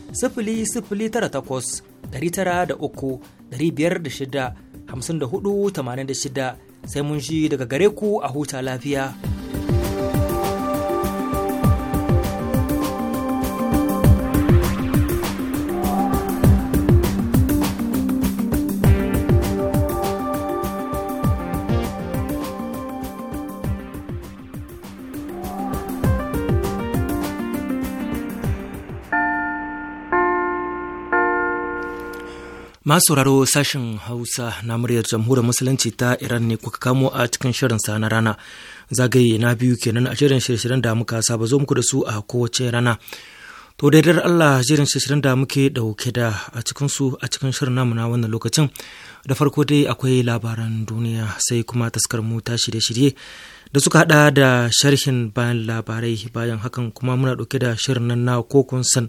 0600 00983 506 5486 sai mun ji daga gare ku a huta lafiya. Masu sauraro sashen Hausa na muryar jamhuriyar Musulunci ta Iran ne kuka kamo a cikin shirin sa na rana. Zagaye na biyu kenan a shirin shirin da muka saba zo muku da su a kowace rana. To daidar Allah shirin shirin da muke dauke da a cikin su a cikin shirin namu na wannan lokacin. Da farko dai akwai labaran duniya sai kuma taskar mu ta shirye-shirye da suka hada da sharhin bayan labarai bayan hakan kuma muna dauke da shirin nan na kokon san.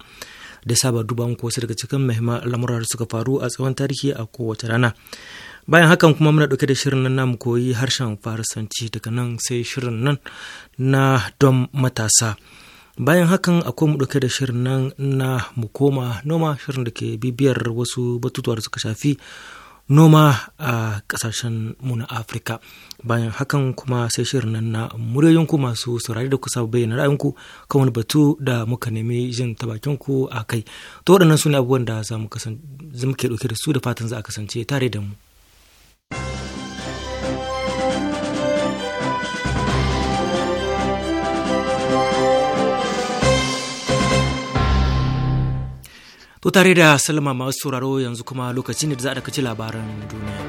da saba duban ko wasu daga cikin muhimman lamura da suka faru a tsawon tarihi a kowace rana. Bayan hakan kuma muna dauke da shirin nan namu koyi harshen Farisanci daga nan sai shirin nan na don matasa. bayan hakan akwai mu ɗauke da shirin nan na mu koma noma shirin da ke bibiyar wasu batutuwa da suka shafi noma a kasashen mu na afirka bayan hakan kuma sai shirin nan na ku masu saurari da kusa bayyana ra'ayinku kan wani batu da muka nemi jin ta bakin ku a kai to waɗannan su ne abubuwan da za mu ke ɗauke da su da fatan za a kasance tare da mu To tare da salama masu sauraro yanzu kuma lokaci ne da za a dakaci labaran duniya.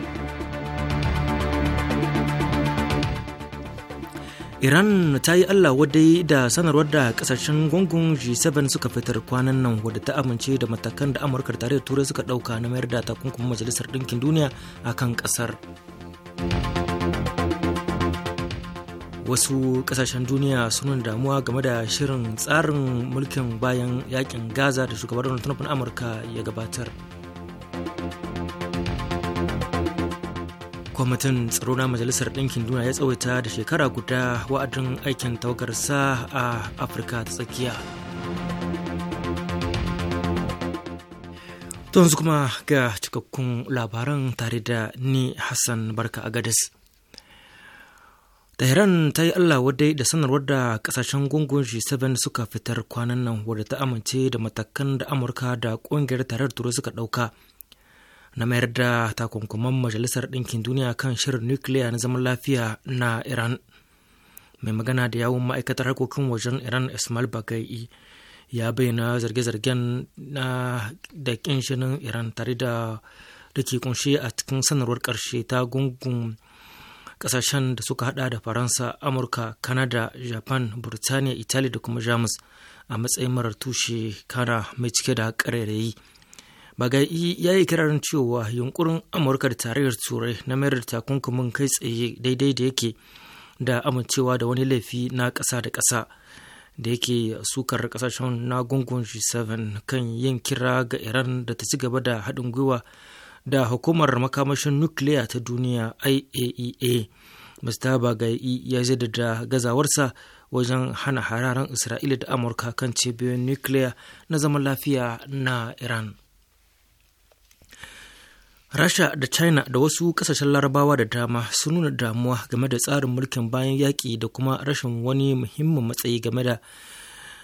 Iran ta yi Allah wadai da sanarwar da kasashen gungun G7 suka fitar kwanan nan wadda ta amince da matakan da Amurka da da Turai suka ɗauka na mayar da takunkumin Majalisar Ɗinkin Duniya a kan ƙasar. wasu kasashen duniya sunan damuwa game da shirin tsarin mulkin bayan yakin gaza da shugaban donald trump na amurka ya gabatar kwamitin tsaro na majalisar ɗinkin duniya ya tsawaita da shekara guda wa'adin aikin sa a afirka ta tsakiya yanzu kuma ga cikakkun labaran tare da ni hassan barka agadis Tehran ta yi Allah wadai da sanarwar da kasashen gungun G7 suka fitar kwanan nan wadda ta amince da matakan da Amurka da ƙungiyar tarar turu suka ɗauka na mayar da takunkuman Majalisar Ɗinkin Duniya kan shirin nukiliya na zaman lafiya na Iran. Mai magana da yawun ma'aikatar harkokin wajen Iran Ismail Bagai ya bayyana zarge-zargen na da ƙinshinin Iran tare da da a cikin sanarwar ƙarshe ta gungun kasashen da suka hada da faransa amurka kanada japan burtaniya italy da kuma jamus a matsayin marar tushe kana mai cike da ƙarairayi bagai ya yi kirarin cewa yunkurin amurka da tarayyar turai na mayar da takunkumin kai tsaye daidai da yake da amincewa da wani laifi na ƙasa da ƙasa da yake sukar kasashen na gungun G7 kan yin kira ga Iran da ta ci gaba da haɗin gwiwa da hukumar makamashin nukiliya ta duniya iaea mr bagai ya jaddada gazawarsa wajen hana hararen isra'ila da amurka kan cibiyoyin nukiliya na zaman lafiya na iran rasha da china da wasu kasashen larabawa da dama sun nuna damuwa game da tsarin mulkin bayan yaƙi da kuma rashin wani muhimmin matsayi game da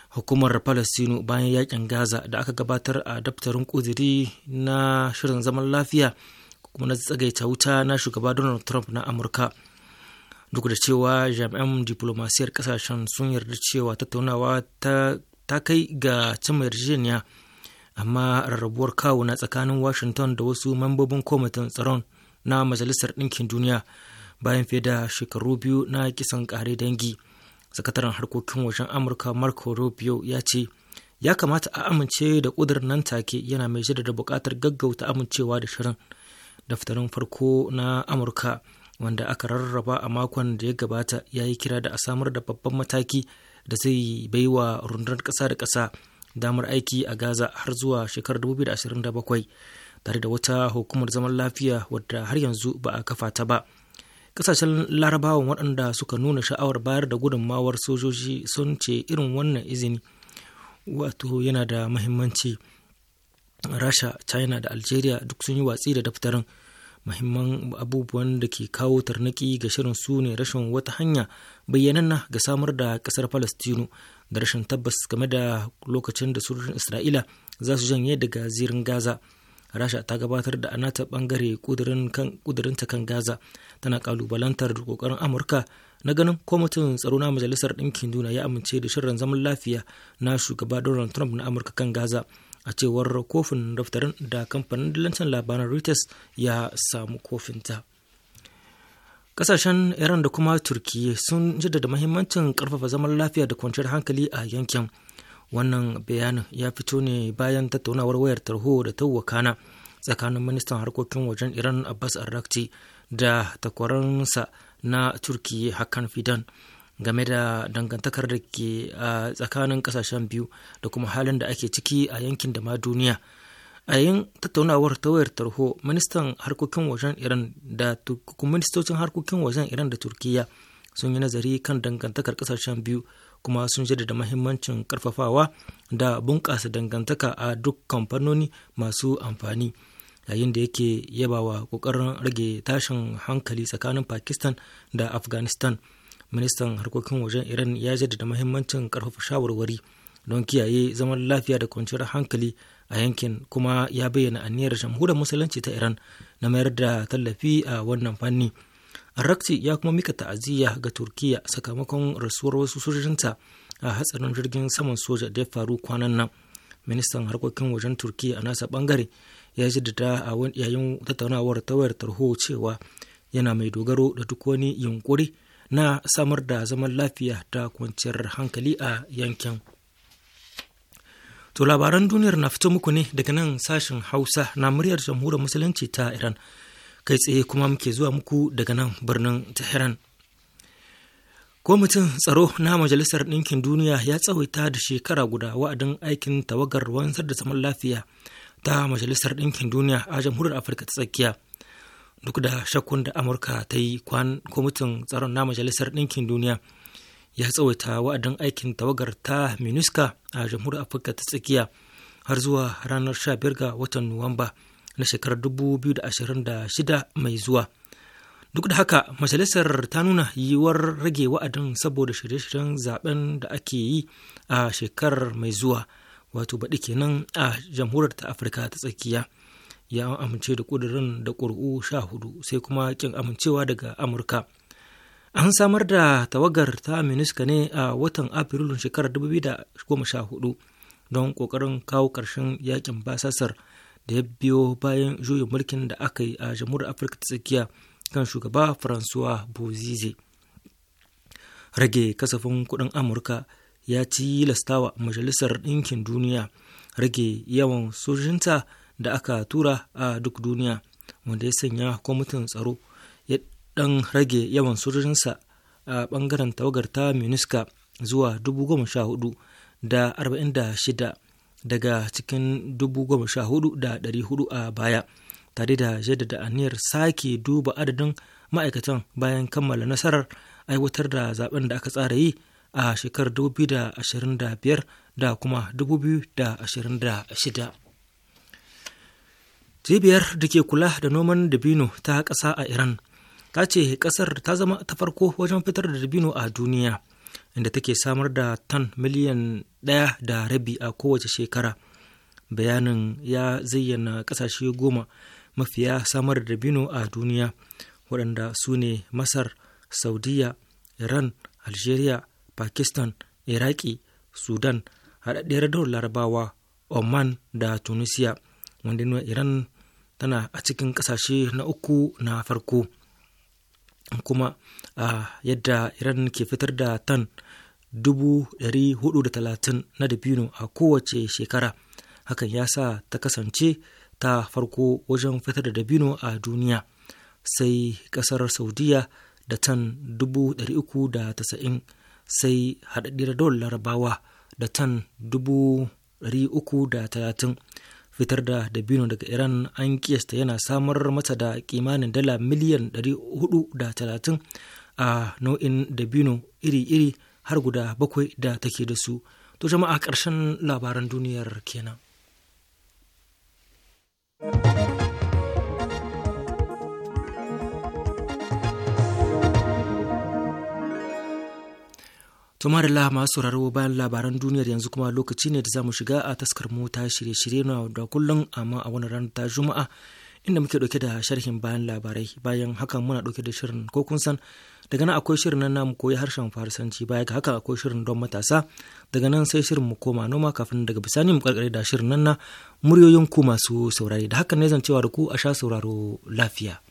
hukumar palestino bayan yakin gaza da aka gabatar a daftarin kudiri na shirin zaman lafiya kuma na tsagaita wuta na shugaba donald trump na amurka duk da cewa jami'an diplomasiyar kasashen sun yarda cewa tattaunawa ta kai ga cimma yarjejeniya amma rarrabuwar kawuna tsakanin washington da wasu mambobin kwamitin tsaron na majalisar ɗinkin duniya bayan fiye da shekaru biyu na kisan ƙare dangi sakataren harkokin wajen amurka marco rubio ya ce ya kamata a amince da ƙudurin nan take yana mai da bukatar gaggauta amincewa da shirin daftarin farko na amurka wanda aka rarraba a makon da ya gabata ya yi kira da a samar da babban mataki da zai baiwa rundunar ƙasa da ƙasa damar aiki a gaza har zuwa shekarar 2027 tare da wata hukumar zaman lafiya wadda har yanzu ba a kafa ta ba kasashen larabawan waɗanda suka nuna sha'awar bayar da gudunmawar sojoji sun ce irin wannan izini wato yana da mahimmanci. Rasha, China da Algeria duk sun yi watsi da daftarin mahimman abubuwan da ke kawo tarnaki ga shirin su ne rashin wata hanya bayyanana ga samar da ƙasar Falastinu da rashin tabbas game da lokacin da sojojin Isra'ila za su janye daga zirin Gaza. Rasha ta gabatar da anata bangare kudurinta kan Gaza tana kalubalantar kokarin amurka na ganin kwamitin tsaro na majalisar ɗinkin duniya ya amince da shirin zaman lafiya na shugaba donald trump na amurka kan gaza a cewar kofin daftarin da kamfanin dillancin labaran reuters ya samu kofinta kasashen iran da kuma turkiyya sun jaddada mahimmancin karfafa zaman lafiya da kwanciyar hankali a yankin wannan bayanin ya fito ne bayan tattaunawar wayar tarho da tawakana tsakanin ministan harkokin wajen iran abbas arrakti da takwararsa na turki hakan fidan game da dangantakar da ke a tsakanin kasashen biyu da kuma halin da ake ciki a yankin da ma duniya a yin tattaunawar ta wayar tarho ministan harkokin wajen iran da ministocin harkokin wajen iran da turkiya sun yi nazari kan dangantakar kasashen biyu kuma sun jaddada mahimmancin karfafawa da bunƙasa dangantaka a duk kamfanoni masu amfani yayin da yake yabawa kokarin rage tashin hankali tsakanin pakistan da afghanistan ministan harkokin wajen iran ya jaddada mahimmancin karfafa shawarwari don kiyaye zaman lafiya da kwanciyar hankali a yankin kuma ya bayyana aniyar jamhuriyar musulunci ta iran na mayar da tallafi a wannan fanni arakci ya kuma mika ta'aziyya ga turkiya sakamakon rasuwar wasu sojojinta a hatsarin jirgin saman soja da ya faru kwanan nan ministan harkokin wajen turkiya a nasa bangare ya jaddada a yayin tattaunawar ta wayar tarho cewa yana mai dogaro da duk wani yunkuri na samar da zaman lafiya ta kwanciyar hankali a yankin. To labaran duniyar na fito muku ne daga nan sashen Hausa na muryar jamhuriyar musulunci ta Iran kai tsaye kuma muke zuwa muku daga nan birnin Tehran. Kwamitin tsaro na Majalisar Ɗinkin Duniya ya tsawaita da shekara guda wa'adin aikin tawagar wanzar da zaman lafiya ta majalisar ɗinkin duniya a jamhuriyar afirka ta tsakiya duk da shakkun da amurka ta yi kwamitin tsaron na majalisar ɗinkin duniya ya tsawaita wa'adin aikin tawagar ta minuska a jamhuriyar afirka ta tsakiya har zuwa ranar sha biyar ga watan nuwamba na shekarar dubu biyu da da ashirin shida mai zuwa duk da haka majalisar ta nuna yiwuwar rage wa'adin saboda shirye-shiryen zaben da ake yi a shekarar mai zuwa wato baɗi kenan a jamhuriyar ta afirka ta tsakiya ya amince da ƙudurin da ƙuri'u sha hudu sai kuma ƙin amincewa daga amurka an samar da tawagar ta miniska ne a watan afrilun shekarar 2014 don ƙoƙarin kawo ƙarshen yakin basasar da ya biyo bayan juyin mulkin da aka yi a jamhuriyar afirka ta tsakiya kan shugaba faransuwa bozize rage kasafin kuɗin amurka ya tilastawa majalisar ɗinkin duniya rage yawan sojinta da aka tura a duk duniya wanda ya sanya kwamitin tsaro ya ɗan rage yawan sojinsa a ɓangaren tawagar ta minuska zuwa 14,000 da shida daga cikin hudu a baya tare da jaddada aniyar sake duba adadin ma'aikatan bayan kammala nasarar aiwatar da zaben da aka tsara yi a shekarar 2025 da kuma 2026 cibiyar da ke kula da noman dabino ta ƙasa a iran ta ce ƙasar ta zama ta farko wajen fitar da dabino a duniya inda take samar da tan miliyan ɗaya da rabi a kowace shekara bayanin ya zayyana ƙasashe goma mafiya samar da dabino a duniya waɗanda su ne masar saudiya iran algeria pakistan iraki sudan haɗaɗɗiyar da larabawa oman da tunisia wanda nuna iran tana a cikin ƙasashe na uku na farko kuma a yadda iran ke fitar da tan 430 na dabino a kowace shekara hakan ya sa ta kasance ta farko wajen fitar da dabino a duniya sai kasar saudiya da tan 390 sai haɗaɗɗiyar dole larabawa da tan dubu uku da talatin fitar da dabino daga iran an kiyasta yana samar mata da kimanin dala miliyan hudu da talatin a nau'in dabino iri-iri har guda bakwai da take da su to jama'a ƙarshen labaran duniyar kenan. Tumarila masu sauraro bayan labaran duniyar yanzu kuma lokaci ne da za mu shiga a taskar mota shirye-shirye na da kullum amma a wani ranar ta Juma'a inda muke dauke da sharhin bayan labarai bayan hakan muna dauke da shirin ko kun san daga nan akwai shirin nan namu koyi harshen farisanci baya ga haka akwai shirin don matasa daga nan sai shirin mu koma noma kafin daga bisani mu karkare da shirin nan na muryoyin ku masu saurari da hakan ne zan cewa da ku a sha sauraro lafiya.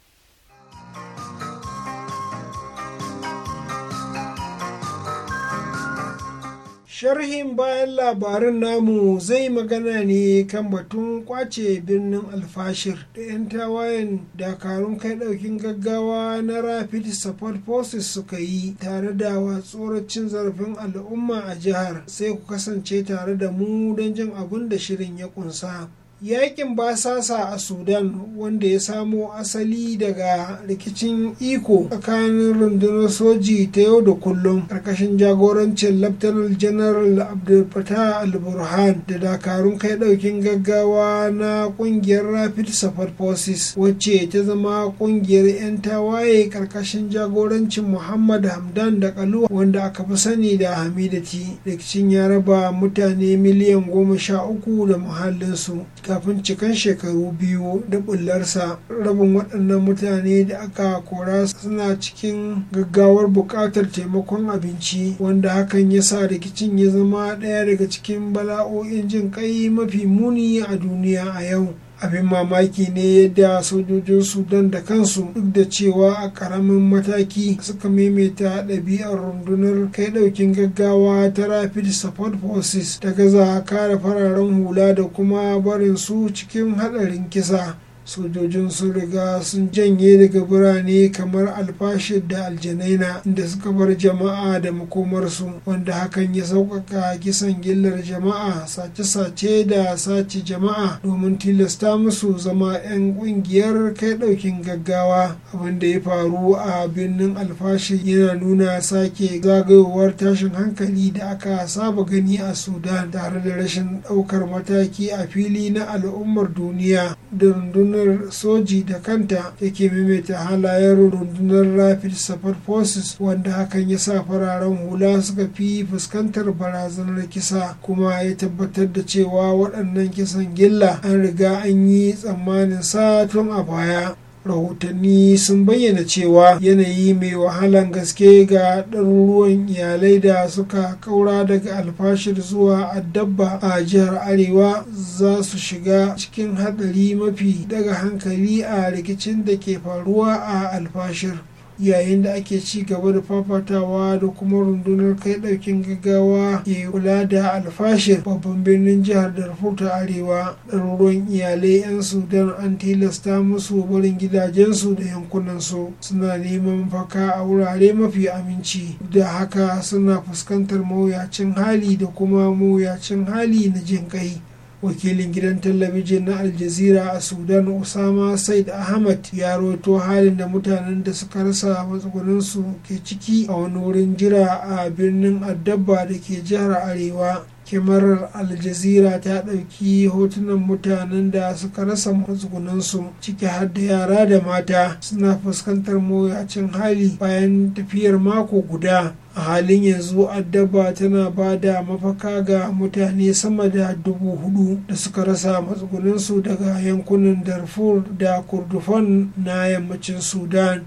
sharhin bayan labarin namu zai magana ne kan batun kwace birnin alfashir da 'yan tawayen dakarun kai daukin gaggawa na rapid support forces suka yi tare da tsoracin zarafin al'umma a jihar sai ku kasance tare da mu don jin abin da shirin ya kunsa yakin basasa a sudan wanda ya samo asali daga rikicin iko tsakanin rundunar soji ta yau da kullum karkashin jagorancin laftanar general abdulfatah al-burhan da dakarun kai daukin gaggawa na kungiyar rapid support forces wacce ta zama kungiyar 'yan tawaye karkashin jagorancin muhammad hamdan da kalu wanda aka fi sani da hamidati rikicin ya raba mutane miliyan goma sha uku da muhallinsu kafin cikan shekaru biyu da bullarsa rabin waɗannan mutane da aka kora suna cikin gaggawar buƙatar taimakon abinci wanda hakan ya sa rikicin ya zama ɗaya daga cikin bala'o'in jin ƙai mafi muni a duniya a yau abin mamaki ne yadda sojojin sudan da kansu duk da cewa a karamin mataki suka maimaita ɗabi'ar rundunar kai ɗaukin gaggawa ta rapid support forces ta gaza kare fararen hula da kuma barin su cikin haɗarin kisa sojojin sun riga sun janye daga birane kamar alfashir da aljanaina inda suka bar jama'a da makomarsu wanda hakan ya sauƙaƙa kisan gillar jama'a sace-sace da sace jama'a domin tilasta musu zama 'yan ƙungiyar kai ɗaukin gaggawa abin da ya faru a birnin alfashi yana nuna sake zagayowar tashin hankali da aka saba gani a sudan tare da rashin ɗaukar mataki a fili na al'ummar duniya da rundunar rundunar soji da kanta yake maimaita halayen rundunar rapid support forces wanda hakan ya sa fararen hula suka fi fuskantar barazanar kisa kuma ya tabbatar da cewa waɗannan kisan gilla an riga an yi tsammanin sa tun a baya rahotanni sun bayyana cewa yanayi mai wahalan gaske ga ɗaruruwan iyalai da suka kaura daga alfashir zuwa addabba a jihar arewa za su shiga cikin haɗari mafi daga hankali a rikicin da ke faruwa a alfashir yayin da ake ci gaba da fafatawa da kuma rundunar kai daukin gaggawa ke kula da alfashir babban birnin jihar darfur ta arewa ɗaruruwan iyalai 'yan sudan an tilasta musu barin gidajensu da yankunansu suna neman faka a wurare mafi aminci da haka suna fuskantar mawuyacin hali da kuma mawuyacin hali na jin kai wakilin gidan talabijin na aljazira a sudan usama said ahmad ya roto halin da mutanen da suka rasa matsugunansu ke ciki a wani wurin jira a birnin addabba da ke jihar arewa kyamarar aljazira ta ɗauki hotunan mutanen da suka rasa matsugunansu ciki har da yara da mata suna fuskantar mawuyacin hali bayan tafiyar mako guda a halin yanzu addaba tana ba da mafaka ga mutane sama da dubu hudu da suka rasa matsugunansu daga yankunan darfur da kurdufan na yammacin sudan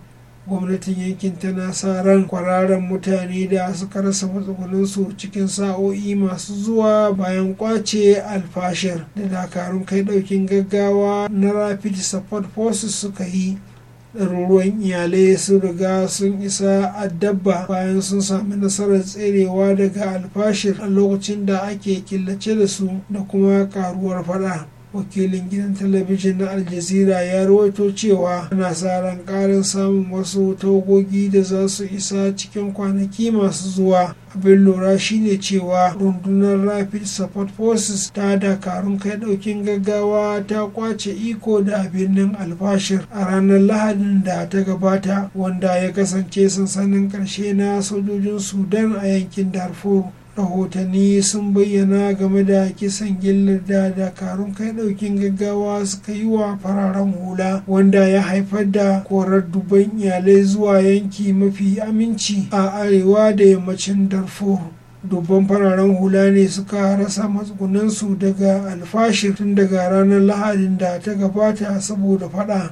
gwamnatin yankin tana sa ran kwararren mutane da suka rasa matsugunansu cikin sa'o'i masu zuwa bayan kwace alfashir da dakarun kai daukin gaggawa na rapid support forces suka yi ɗaruruwan iyalai sun riga sun isa a dabba. bayan sun sami nasarar tserewa daga alfashir a lokacin da ake killace da su da kuma karuwar fada wakilin gidan talabijin na aljazira ya rawaito cewa ana sa ran karin samun wasu tagogi da za su isa cikin kwanaki masu zuwa abin lura shine cewa rundunar rapid support forces ta dakarun kai daukin gaggawa ta kwace iko da birnin albashir a ranar lahadin da ta gabata wanda ya kasance sansanin karshe na sojojin sudan a yankin darfur rahotanni sun bayyana game da kisan gillar da dakarun kai daukin gaggawa suka yi wa fararen hula wanda ya haifar da korar dubban iyalai zuwa yanki mafi aminci a arewa da yammacin darfur dubban fararen hula ne suka rasa matsugunansu daga alfashir tun daga ranar lahadin da ta gabata saboda fada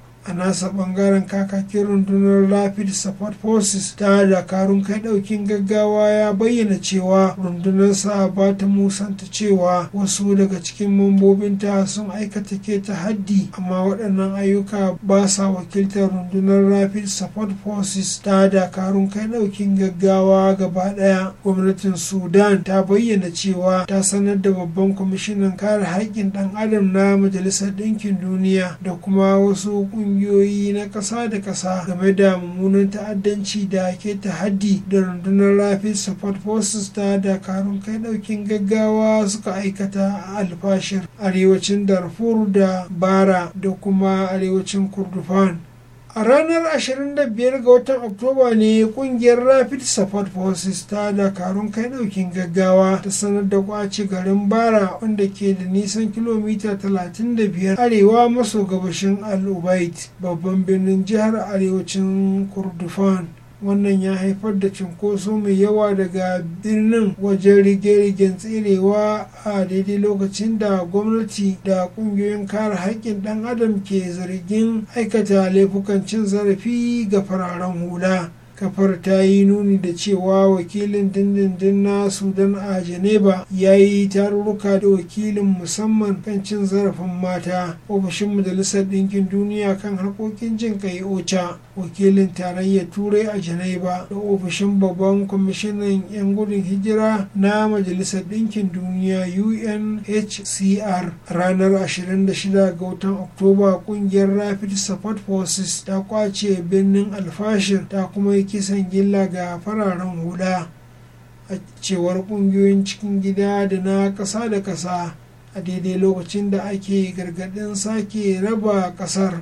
a nasa bangaren kakakin rundunar rapid support forces ta dakarun kai daukin gaggawa ya bayyana cewa rundunarsa ba ta musanta cewa wasu daga cikin mambobinta sun aikata ke ta haddi amma waɗannan ayyuka ba sa wakiltar rundunar rapid support forces ta dakarun kai daukin gaggawa gaba ɗaya gwamnatin sudan ta bayyana cewa ta sanar da babban kwamishinan kare haƙƙin ɗan adam na majalisar ɗinkin duniya da kuma wasu ƙungiyoyi na ƙasa da ƙasa game da mummunan ta'addanci da ke haddi da rundunar rapid support forces ta dakarun kai ɗaukin gaggawa suka aikata a alfashir arewacin darfur da bara da kuma arewacin kurdufan a ranar 25 ga watan oktoba ne kungiyar rapid support forces ta dakarun kai daukin gaggawa ta sanar da kwace garin bara wanda ke da nisan kilomita 35 arewa maso gabashin al ubaid babban birnin jihar arewacin kurdufan wannan ya haifar da cinkoso mai yawa daga birnin wajen rige-rigen tserewa a daidai lokacin da gwamnati da kungiyoyin kare haƙƙin ɗan adam ke zargin aikata laifukan cin zarafi ga fararen hula kafar ta yi nuni da cewa wakilin dindindin na sudan a geneva ya yi tarurruka da wakilin musamman kan cin zarafin mata ofishin majalisar ɗinkin duniya kan harkokin jin kai ocha wakilin tarayyar turai a geneva da ofishin babban kwamishinan 'yan gudun hijira na majalisar ɗinkin duniya unhcr ranar 26 ga watan oktoba ƙungiyar rapid support forces ta kwace birnin alfashir ta kuma kisan gilla ga fararen hula a cewar kungiyoyin cikin gida da na kasa da kasa a daidai lokacin da ake gargaɗin sake raba kasar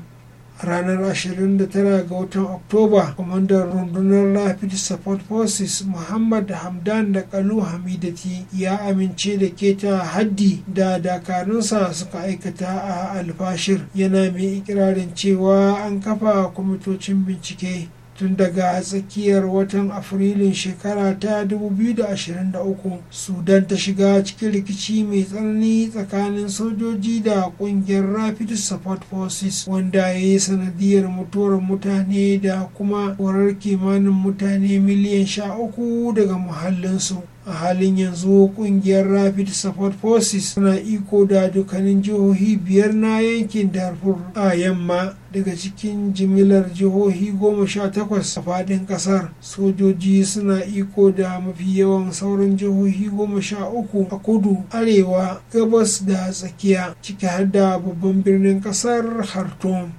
a ranar 29 ga watan oktoba kwamandan rundunar rapid support forces muhammad hamdan da kalu hamidati ya amince da keta haddi da dakarunsa suka aikata a alfashir yana mai ikirarin cewa an kafa kwamitocin bincike tun daga tsakiyar watan afrilun shekara ta 2023 sudan ta shiga cikin rikici mai tsanani tsakanin sojoji da kungiyar rapid support forces wanda ya yi sanadiyar mutuwar mutane da kuma korar kimanin mutane miliyan sha uku daga muhallinsu a halin yanzu kungiyar rapid support forces na iko da dukkanin jihohi biyar na yankin darfur a yamma daga cikin jimilar jihohi goma sha takwas a fadin kasar sojoji suna iko da mafi yawan sauran jihohi goma sha uku a kudu arewa gabas da tsakiya ciki har da babban birnin kasar khartoum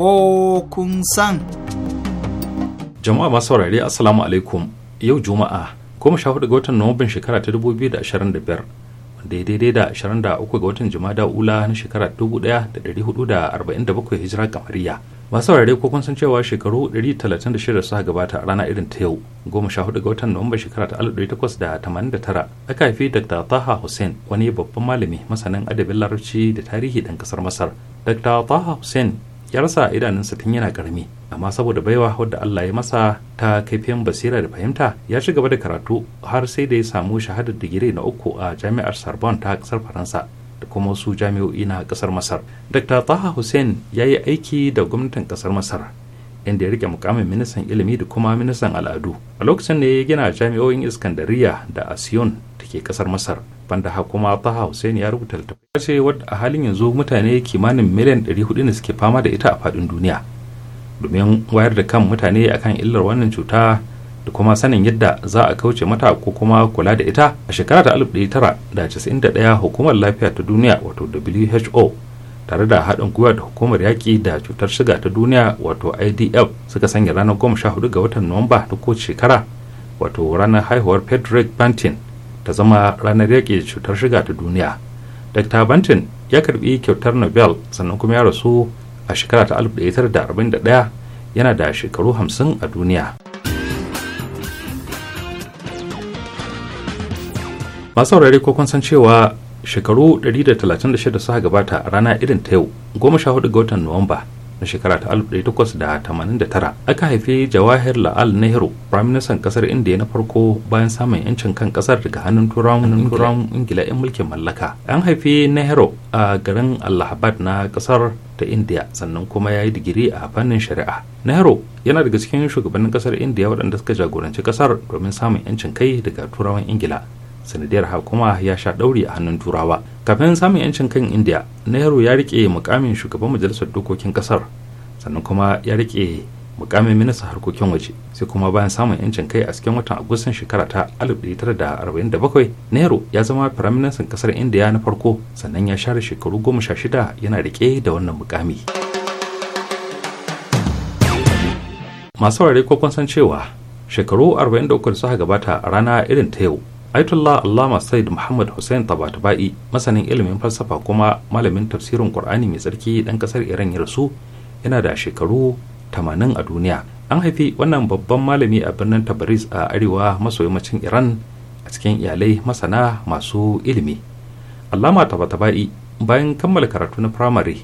ko kun san. Jama'a masu saurare Assalamu alaikum yau Juma'a goma sha hudu ga watan Nuwamban shekara ta dubu biyu da ashirin da biyar wanda ya daidai da ashirin da uku ga watan Jumada Ula na shekara dubu ɗaya da ɗari hudu da arba'in da bakwai hijira kamariya. Masu saurare ko kun san cewa shekaru ɗari talatin da shida suka gabata a rana irin ta yau goma sha hudu ga watan Nuwamban shekara ta alif ɗari takwas da tamanin da tara aka haifi Dr. Taha Hussein wani babban malami masanin adabin larabci da tarihi ɗan ƙasar Masar. Dr. Taha Hussein ya rasa idanunsa tun yana karami amma saboda baiwa wadda Allah ya masa ta kaifin basira da fahimta ya ci gaba da karatu har sai da ya samu shahadar digiri na uku a jami'ar Sorbonne ta kasar Faransa da kuma wasu jami'o'i na kasar Masar. Dr. Taha Hussein ya yi aiki da gwamnatin kasar Masar inda ya rike mukamin ministan ilimi da kuma ministan al'adu. A lokacin da ya gina jami'o'in Iskandariya da Asiyon da ke kasar Masar banda hakuma ta Hussein ya rubuta littafi ce wadda a halin yanzu mutane kimanin miliyan 400 ne suke fama da ita a faɗin duniya domin wayar da kan mutane akan illar wannan cuta da kuma sanin yadda za a kauce mata ko kuma kula da ita a shekara ta 1991 hukumar lafiya ta duniya wato WHO tare da haɗin gwiwa da hukumar yaƙi da cutar shiga ta duniya wato idf suka sanya ranar 14 ga watan nuwamba ta kowace shekara wato ranar haihuwar patrick bantin ta zama ranar yaƙi cutar shiga ta duniya dr bantin ya karbi kyautar nobel sannan kuma ya rasu a shekara ta 1941 yana da shekaru 50 a duniya masu saurare ko kun san cewa shekaru 136 suka gabata a rana irin ta yau 14 ga watan nuwamba na shekara ta 1889 aka haife jawahir la'al nehru firaministan kasar indiya na farko bayan samun yancin kan kasar daga hannun turawan ingila 'yan mulkin mallaka an haife nehru a garin allahabad na kasar ta indiya sannan kuma ya yi digiri a fannin shari'a nehru yana daga cikin shugabannin kasar indiya waɗanda suka jagoranci kasar domin samun yancin kai daga turawan ingila sanadiyar hakuma ya sha ɗauri a hannun turawa kafin samun yancin kan india nehru ya rike mukamin shugaban majalisar dokokin kasar sannan kuma ya rike mukamin minista harkokin waje sai kuma bayan samun yancin kai a cikin watan agustan shekara ta 1947 nehru ya zama firaministan kasar india na farko sannan ya share shekaru goma sha shida yana rike da wannan mukami masu ware ko san cewa shekaru 43 da suka gabata a rana irin ta yau Aitullah Allama Said Muhammad Hussein Tabatabai masanin ilimin falsafa kuma malamin tafsirin Qur'ani mai tsarki dan kasar Iran ya rasu yana da shekaru 80 a duniya. An haifi wannan babban malami a birnin Tabriz a arewa maso yammacin Iran a cikin iyalai masana masu ilimi. Allama Tabatabai bayan kammala karatu na firamare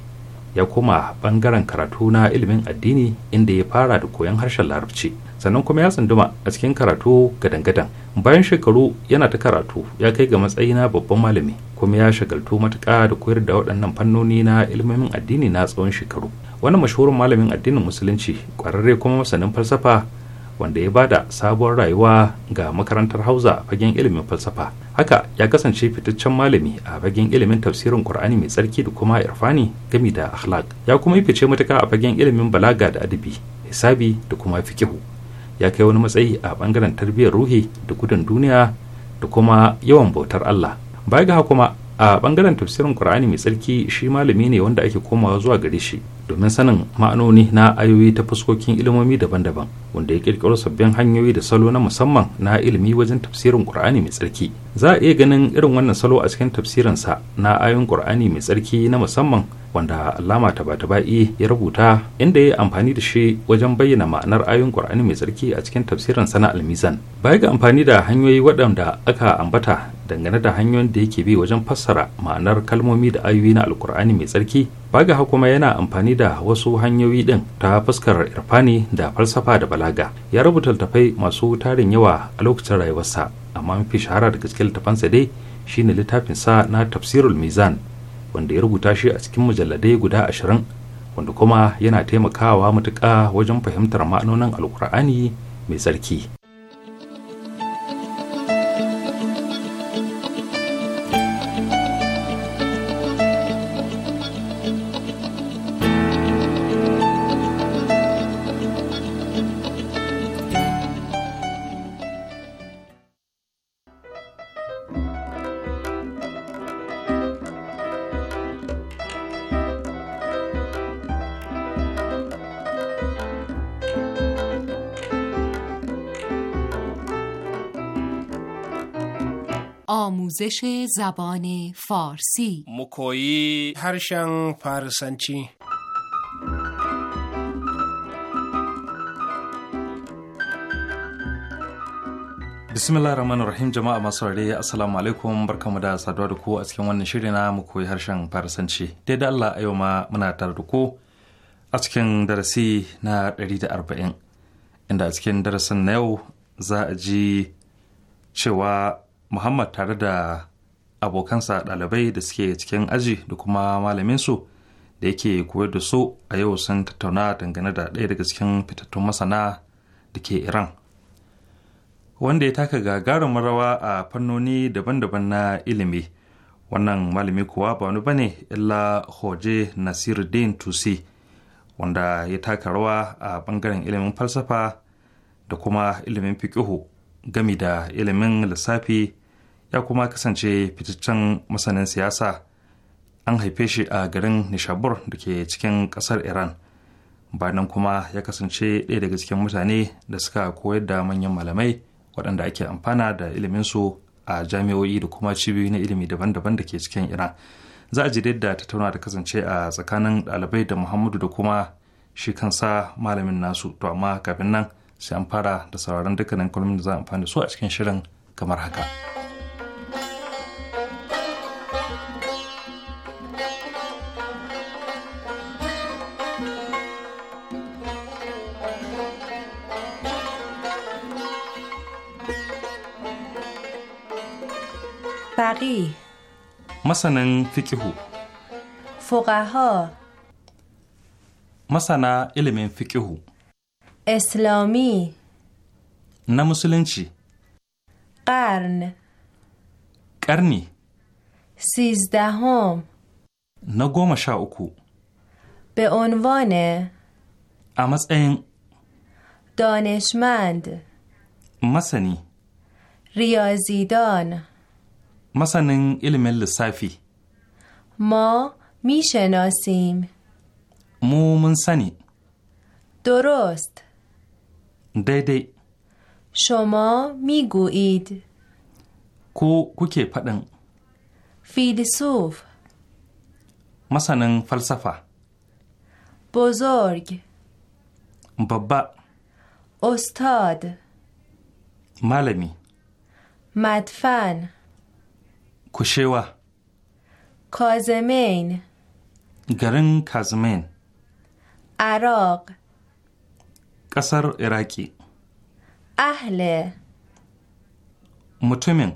ya koma bangaren karatu na ilimin addini inda ya fara da koyon harshen Larabci. sannan kuma ya tsunduma a cikin karatu gadan-gadan bayan shekaru yana ta karatu ya kai ga matsayi na babban malami kuma ya shagaltu matuƙa da koyar da waɗannan fannoni na ilmomin addini na tsawon shekaru wani mashahurin malamin addinin musulunci ƙwararre kuma masanin falsafa wanda ya bada sabuwar rayuwa ga makarantar hausa fagen ilimin falsafa haka ya kasance fitaccen malami a fagen ilimin tafsirin qur'ani mai tsarki da kuma irfani gami da akhlaq ya kuma yi fice matuka a fagen ilimin balaga da adabi hisabi da kuma fikihu ya kai wani matsayi a bangaren tarbiyyar ruhi da gudun duniya da kuma yawan bautar Allah baya ga kuma a bangaren tafsirin Qur'ani mai tsarki shi malami ne wanda ake komawa zuwa gare shi domin sanin ma'anoni na ayoyi ta fuskokin ilimomi daban-daban wanda ya kirkiro sabbin hanyoyi da salo na musamman na ilimi wajen tafsirin Qur'ani mai tsarki za a iya ganin irin wannan salo a cikin tafsirinsa na ayoyin Qur'ani mai tsarki na musamman wanda alama ta bata ba'i ya rubuta inda ya yi amfani da shi wajen bayyana ma'anar ayoyin qur'ani mai tsarki a cikin tafsirin sana almizan baya ga amfani da hanyoyi waɗanda aka ambata dangane da hanyoyin da yake bi wajen fassara ma'anar kalmomi da ayoyi na alkur'ani mai tsarki baga kuma yana amfani da wasu hanyoyi din ta fuskar irfani da falsafa da balaga ya rubuta littafai masu tarin yawa a lokacin rayuwarsa amma mafi shahara da gaske littafansa dai shine littafinsa na tafsirul mizan wanda ya rubuta shi a cikin mujalladai guda ashirin wanda kuma yana taimakawa matuƙa wajen fahimtar ma'anonin alkur'ani mai tsarki. آموزش zaboni فارسی مکویی هرشن فارسنچی rahim jama'a masu rare assalamu alaikum barkamu da saduwa da ku a cikin wannan shiri mu koyi harshen farisanci dai da Allah a yau ma muna tare da ku a cikin darasi na 140 inda a cikin darasin na yau za a ji cewa muhammad tare da abokansa ɗalibai da suke cikin aji da kuma malaminsu da yake koyar da su a yau sun tattauna dangane da ɗaya daga cikin fitattun masana da ke iran wanda ya taka gagarin rawa a fannoni daban-daban na ilimi wannan malami kuwa ba wani bane illa hoje nasiruddin tusi wanda ya taka rawa a ɓangaren ilimin falsafa da kuma ilimin fiƙihu gami da ilimin lissafi ya kuma kasance fitaccen masanin siyasa an haife shi a garin nishabur da ke cikin kasar iran bayan kuma ya kasance ɗaya daga cikin mutane da suka koyar da manyan malamai waɗanda ake amfana da iliminsu a jami'o'i da kuma cibiyoyi na ilimi daban-daban da ke cikin iran za a ji da tattauna da kasance a tsakanin ɗalibai da muhammadu da kuma shi kansa malamin nasu to amma kafin nan sai an fara da sauraron dukkanin kalmomin da za a amfani da su a cikin shirin kamar haka. فقی masanin fikihu. فقها masana ilimin fikihu. اسلامی نه قرن قرنی سیزدهم نه گوم اکو به عنوان امز این دانشمند مسنی ریاضیدان مسنن علم لسافی ما میشناسیم مو سنی درست daidai shoma miguid ko kuke faɗin filisuf masanin falsafa bozorg babba ostad malami matfan kushewa kazamain garin kazamain Araq. ƙasar Iraki. Ahle. Mutumin.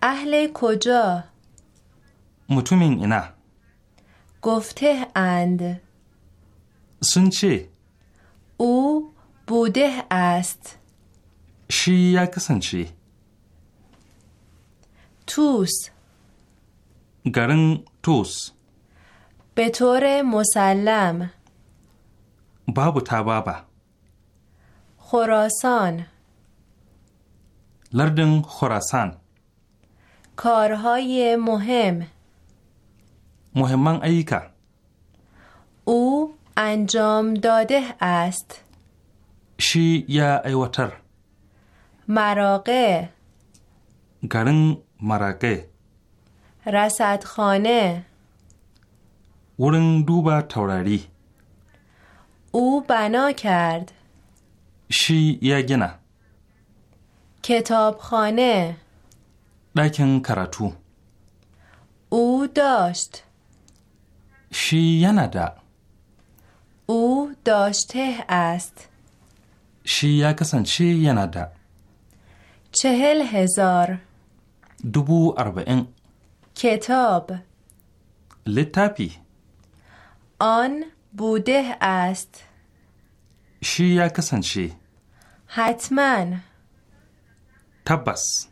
Ahle kojo. Mutumin ina. Gofte and. Sun ce. U bude ast. Shi ya kasance. Tus. Garin tus. Betore musallam. Babu ta baba. خراسان لردن خراسان کارهای مهم مهمان ایکا او انجام داده است شی یا ایوتر مراقه گرن مراقه رصدخانه ورن دوبا توراری او بنا کرد شی یا گنا کتابخانه دکن کراتو او داشت شی یا او داشته است شی یا کسنچه شی یا چهل هزار دبو اربعین کتاب لتاپی آن بوده است شی یا کسنچه حتما تبس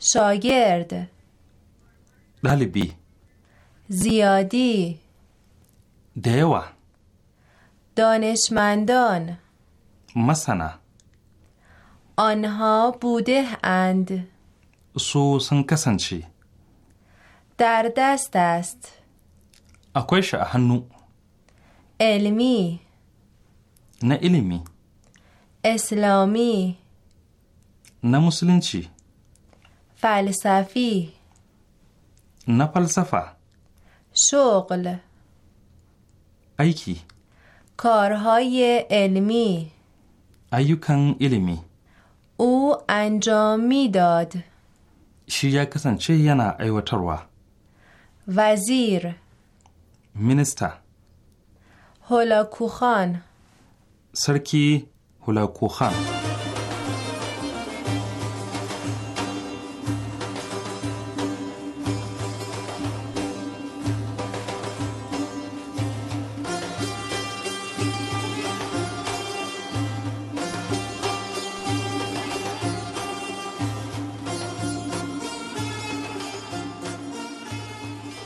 شاگرد دالبی بله، زیادی دیوا دانشمندان مسنا آنها بوده اند سو سنکسنچی در دست است اکویش هنو علمی نه علمی اسلامی نه مسلمچی فلسفی نه فلسفه شغل ایکی کارهای علمی ایوکن علمی او انجام میداد شی یا کسنچه ینا ایوتروا وزیر مینیستر هولاکوخان سرکی Nikola خان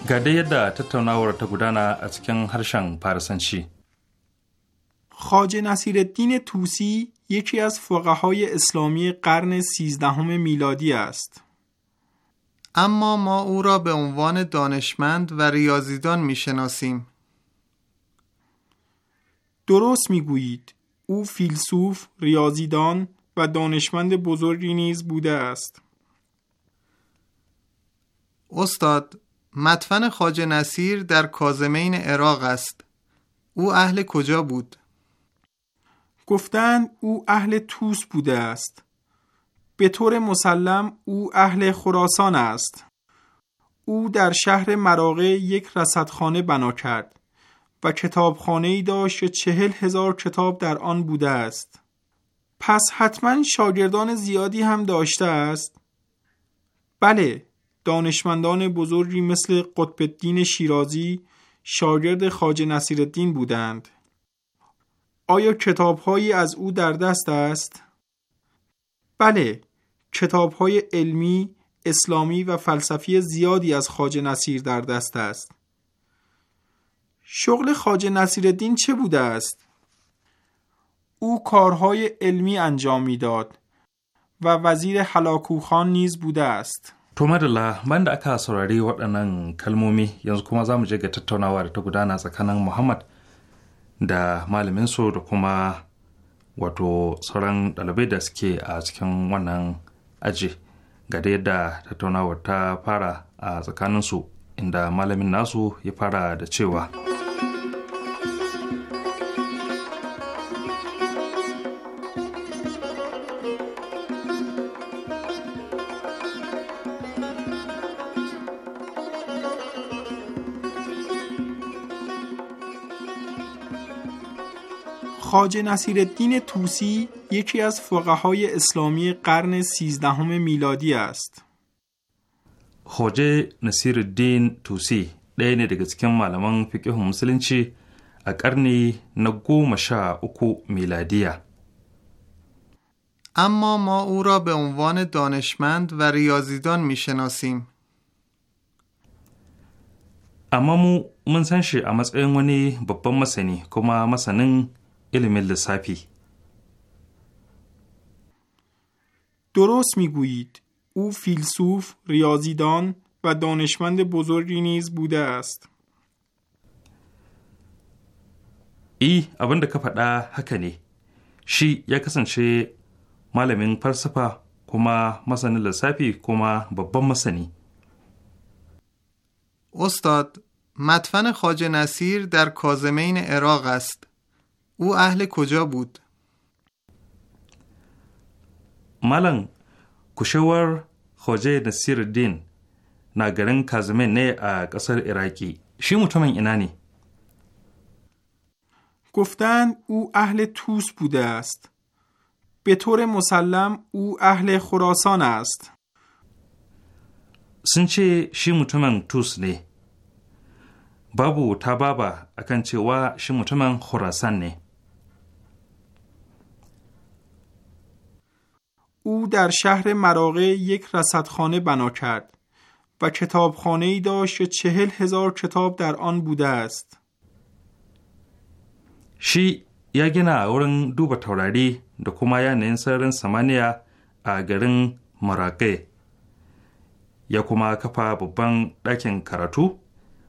ga dai yadda tattaunawar ta gudana a cikin harshen farisanci خاج الدین توسی یکی از فقهای اسلامی قرن سیزدهم میلادی است. اما ما او را به عنوان دانشمند و ریاضیدان میشناسیم. درست میگویید. او فیلسوف، ریاضیدان و دانشمند بزرگی نیز بوده است. استاد، مدفن خاج نصیر در کازمین عراق است. او اهل کجا بود؟ گفتند او اهل توس بوده است به طور مسلم او اهل خراسان است او در شهر مراغه یک رصدخانه بنا کرد و کتابخانه ای داشت که چهل هزار کتاب در آن بوده است پس حتما شاگردان زیادی هم داشته است بله دانشمندان بزرگی مثل قطب الدین شیرازی شاگرد نصیر الدین بودند آیا کتابهایی از او در دست است؟ بله، کتابهای علمی، اسلامی و فلسفی زیادی از خاج نصیر در دست است. شغل خاج نصیر دین چه بوده است؟ او کارهای علمی انجام میداد و وزیر حلاکوخان نیز بوده است. To madalla من aka saurari waɗannan kalmomi yanzu kuma za mu je ga tattaunawa da ta gudana da malaminsu da kuma wato sauran ɗalibai da suke a cikin wannan aji ga da tattaunawar ta fara a tsakaninsu inda malamin nasu ya fara da cewa. خاج نصیر الدین توسی یکی از فقهای اسلامی قرن سیزدهم میلادی است. خاجه نصیر الدین توسی دین دیگه کم مالمان پیکه هم مسلمان چی؟ اگر نگو مشا اکو اما ما او را به عنوان دانشمند و ریاضیدان میشناسیم. اما مو منسنشی اما از ونی بپا مسینی کما مسنن ilimin lissafi درست میگویید او فیلسوف ریاضیدان و دانشمند بزرگی نیز بوده است ای abin da ka faɗa haka ne shi ya kasance malamin falsafa kuma masanin lissafi kuma babban masani استاد مدفن خاج نصیر در کازمین عراق است او اهل کجا بود؟ ملن کشور خواجه نصیر دین نگرن کازمه نه قصر شی مطمئن اینا گفتن او اهل توس بوده است به طور مسلم او اهل خراسان است سنچه شی مطمئن توس نه بابو تا بابا اکنچه وا شی مطمئن خراسان نه او در شهر مراغه یک رصدخانه بنا کرد و کتابخانه ای داشت که چهل هزار کتاب در آن بوده است. شی یگینا اورن دو توراری دو کوما یا سامانیا اگرن مراقه یا کوما کفا ببان داکین کراتو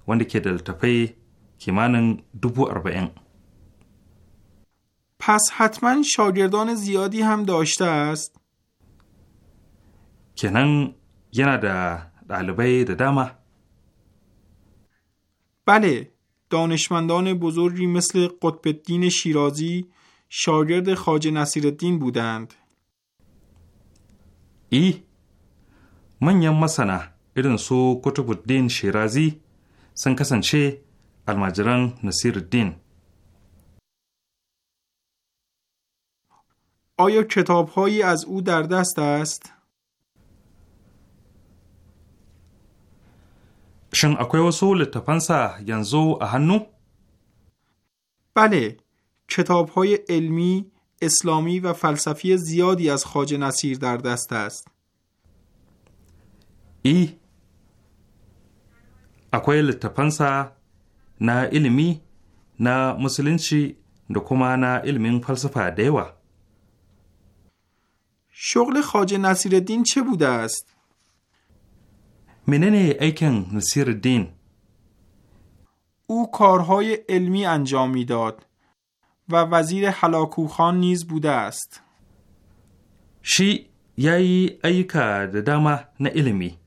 وندی که دل تپی کمانن دوبو اربعین. پس حتما شاگردان زیادی هم داشته است. کنن یه نده دلبه دمه؟ بله دانشمندان بزرگی مثل قطب الدین شیرازی شاگرد خاج الدین بودند ای من یه manyan سو irin su شیرازی Shirazi شه kasance نصیر الدین. آیا کتاب هایی از او در دست است؟ شن اکوی وسو لتفنسه ینزو اهنو؟ بله کتاب علمی، اسلامی و فلسفی زیادی از خاج نصیر در دست است ای اکوی لطفانسا نه علمی نه مسلنچی da kuma علمی علمین فلسفه da شغل خاج نصیرالدین چه بوده است؟ منن ایکن نصیر او کارهای علمی انجام میداد و وزیر هلاکوخان نیز بوده است شی یای ایکا دداما نه علمی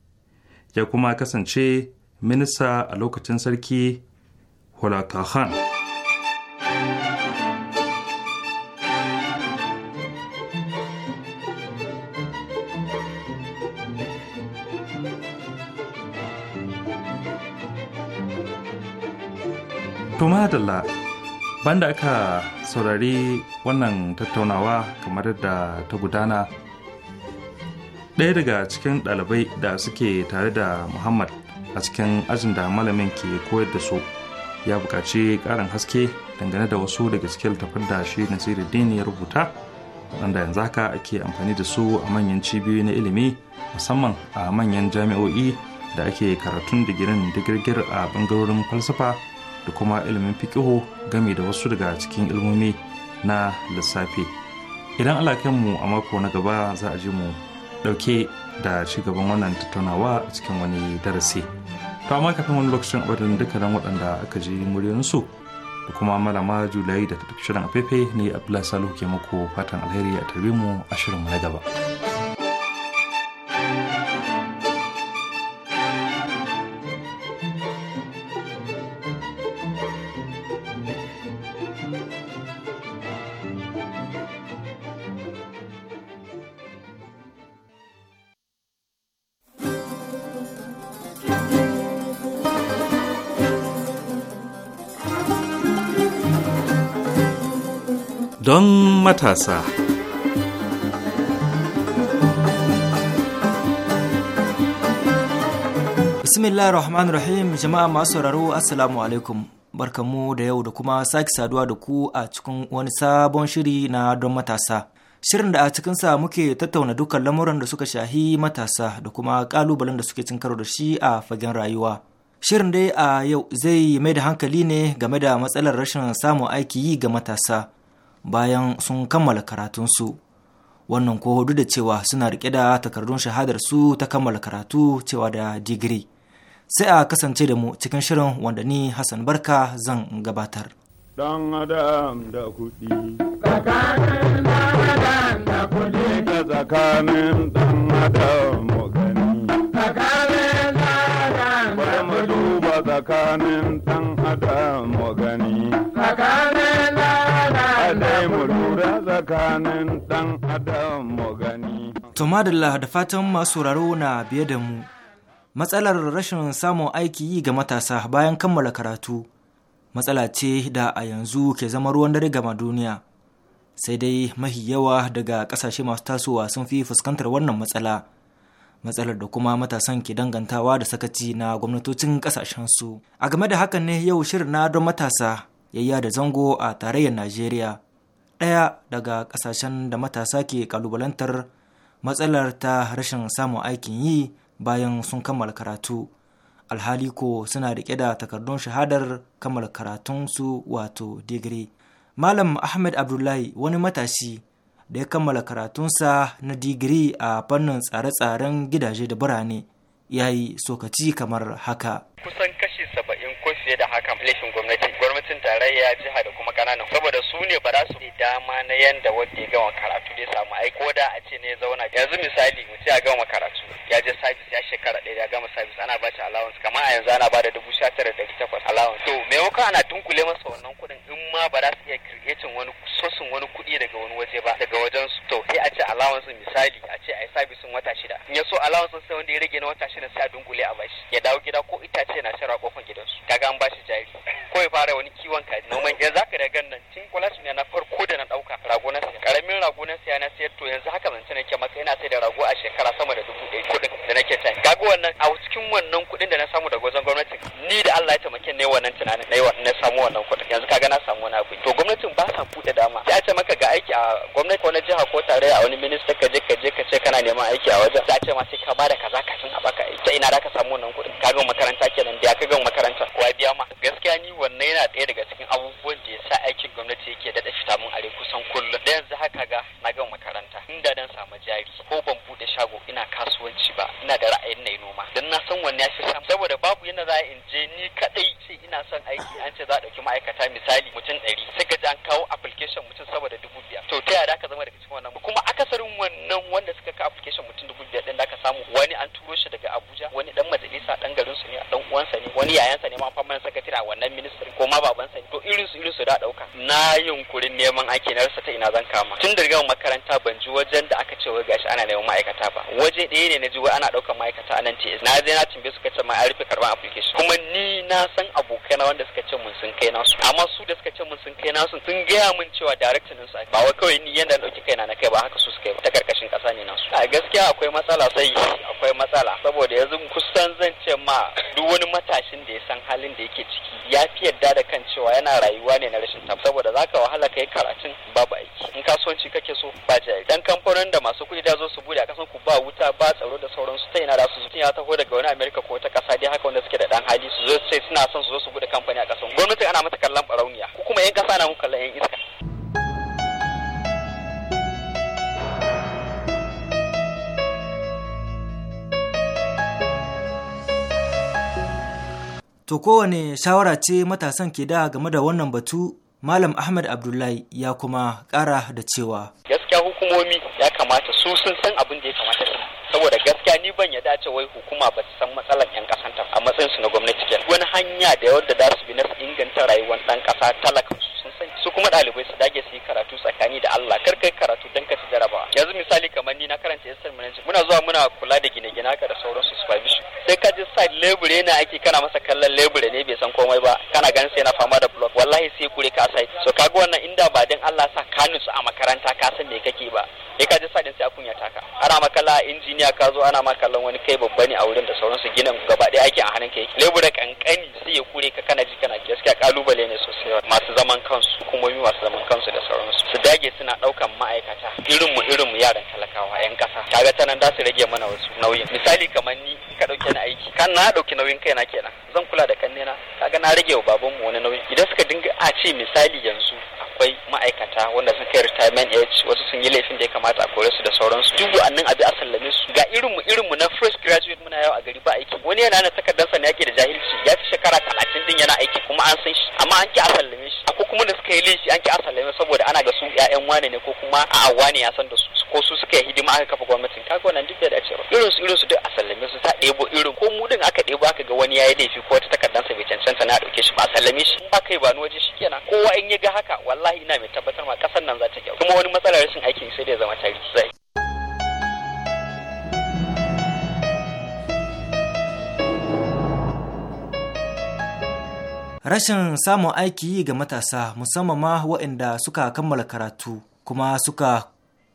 یا کما کسانچه منسا a lokacin sarki خان. To madalla banda aka saurari wannan tattaunawa kamar da ta gudana ɗaya daga cikin ɗalibai da suke tare da Muhammad a cikin ajin da malamin ke koyar da su ya buƙaci ƙarin haske dangane da wasu daga cikin littafin da shi Nasiruddin ya rubuta waɗanda yanzu haka ake amfani da su a manyan cibiyoyi na ilimi musamman a manyan jami'o'i da ake karatun digirin digirgir a bangarorin falsafa da kuma ilimin fikiho game da wasu daga cikin ilmomi na lissafi idan mu a mako na gaba za a ji mu ɗauke da gaban wannan tattaunawa a cikin wani darasi to amma kafin wani lokacin duka dukkanin waɗanda aka ji muryansu da kuma malama julai da ta shirin a ne abdullahi salihu ke muku fatan alheri a tarbe mu a mu na gaba. matasa. Bismillah rahman rahim jama'a masu sauraro Assalamu alaikum. barkamu da yau da kuma sake saduwa da ku a cikin wani sabon shiri na don matasa. Shirin da a cikinsa muke tattauna dukkan lamuran da suka shahi matasa da kuma ƙalubalen da suke cin karo da shi a fagen rayuwa. Shirin dai a yau zai mai da hankali ne game da matsalar rashin samun aiki yi ga matasa bayan sun kammala karatunsu wannan ko hudu da cewa suna rike da takardun shahadar su ta kammala karatu cewa da digiri sai a kasance da mu cikin shirin wanda ni hassan barka zan gabatar dan adam da kuɗi tsakanin dan adam da kuɗi da tsakanin dan adam gani tsakanin dan adam da duba tsakanin dan adam gani tsakanin Tuma da fatan masu sauraro na biye da mu. Matsalar rashin samun aiki yi ga matasa bayan kammala karatu matsala ce da a yanzu ke zama ruwan dare gama duniya. Sai dai mahi yawa daga ƙasashe masu tasowa sun fi fuskantar wannan matsala. matsalar da kuma matasan ke dangantawa da sakaci na gwamnatocin kasashensu. A game da hakan ne yau shirin na don matasa yayya da zango a tarayyar Najeriya ɗaya daga ƙasashen da matasa ke ƙalubalantar matsalar ta rashin samun aikin yi bayan sun kammala karatu alhali ko suna riƙe da takardun shahadar kammala karatunsu wato digiri malam ahmed abdullahi wani matashi da ya kammala karatunsa na digiri a fannin tsare-tsaren gidaje da birane ya yi sokaci kamar haka kusan tarayya jiha da kuma kananan saboda su ne ba za su yi dama na yanda wanda ya gama karatu zai samu aiki ko da a ce ne zauna yanzu misali mutum ya gama karatu ya je sabis ya shekara ɗaya ya gama sabis ana ba shi allowance kamar a yanzu ana ba da dubu sha tara da takwas allowance to maimakon ana dunkule masa wannan kuɗin in ma ba za su iya kirkecin wani sosin wani kuɗi daga wani waje ba daga wajen su to sai a ce allowance misali a ce a yi sabisin wata shida in ya so allowance sai wanda ya rage na wata shida sai a dunkule a bashi ya dawo gida caballo sun kai nasu amma su da suka ce mun sun kai nasu sun gaya mun cewa director din su ba wai kawai ni yanda dauki kaina na kai ba haka su suka yi ta karkashin kasa ne nasu a gaskiya akwai matsala sai akwai matsala saboda yanzu kusan zan ce ma duk wani matashin da ya san halin da yake ciki ya fi yadda da kan cewa yana rayuwa ne na rashin tabbas saboda zaka wahala kai karatu kowane shawara ce matasan ke da game da wannan batu Malam Ahmad Abdullahi ya kuma kara da cewa. Gaskiya hukumomi ya kamata su sun san abin da ya kamata su. Saboda gaskiya ni ban ya dace wai hukuma ba su san matsalar 'yan ta. a matsayin su na gwamnati ke Wani hanya da yadda za su bi na inganta rayuwar dan kasa talaka su sun san. Su kuma ɗalibai su dage su yi karatu tsakani da Allah kar kai management muna zuwa muna kula da gine-gine haka da sauransu su supervision sai ka ji side labor yana aiki kana masa kallon labor ne bai san komai ba kana ganin sai yana fama da block wallahi sai kure ka sai so ka ga wannan inda ba dan Allah sa ka nutsu a makaranta ka san me kake ba sai ka ji side sai a kunya taka ana makalla injiniya ka zo ana ma kallon wani kai babba ne a wurin da sauransu ginin gaba ɗaya ake a hannun ka yake labor kankani iya kure ka kana ji kana gaskiya kalubale ne sosai masu zaman kansu hukumomi masu zaman kansu da sauransu su dage suna daukan ma'aikata irin mu irin mu yaran talakawa yan kasa kaga ta nan za su rage mana wasu nauyin misali kamar ni ka dauke ni aiki kan na dauki nauyin kaina kenan zan kula da kannena kaga na rage wa babanmu wani nauyi idan suka dinga a ce misali yanzu akwai ma'aikata wanda sun kai retirement age wasu sun yi laifin da ya kamata a kore su da sauransu duk annan abi a sallame su ga irinmu irinmu na fresh graduate muna yawa a gari ba aiki wani yana na takardarsa ne yake da jahilci ya fi shekara talatin din yana aiki kuma an san shi amma an ki a sallame shi ko kuma da suka yi laifi an ki a sallame saboda ana ga su yayan wane ne ko kuma a'a wane ya san da su ko su suka yi hidima aka kafa gwamnatin kaga wannan duk da dace ba irin su irin su duk a sallame su ta ɗebo irin ko mu din aka ɗebo aka ga wani yayi laifi ko wata takardar sa bai cancanta na ɗauke shi ba a sallame shi ba kai ba ni waje shi kenan kowa in ya ga haka wallahi ina mai tabbatar ma kasar nan za ta kyau kuma wani matsalar rashin aikin sai da ya zama tarihi Rashin samun aiki ga matasa musamman ma waɗanda suka kammala karatu kuma suka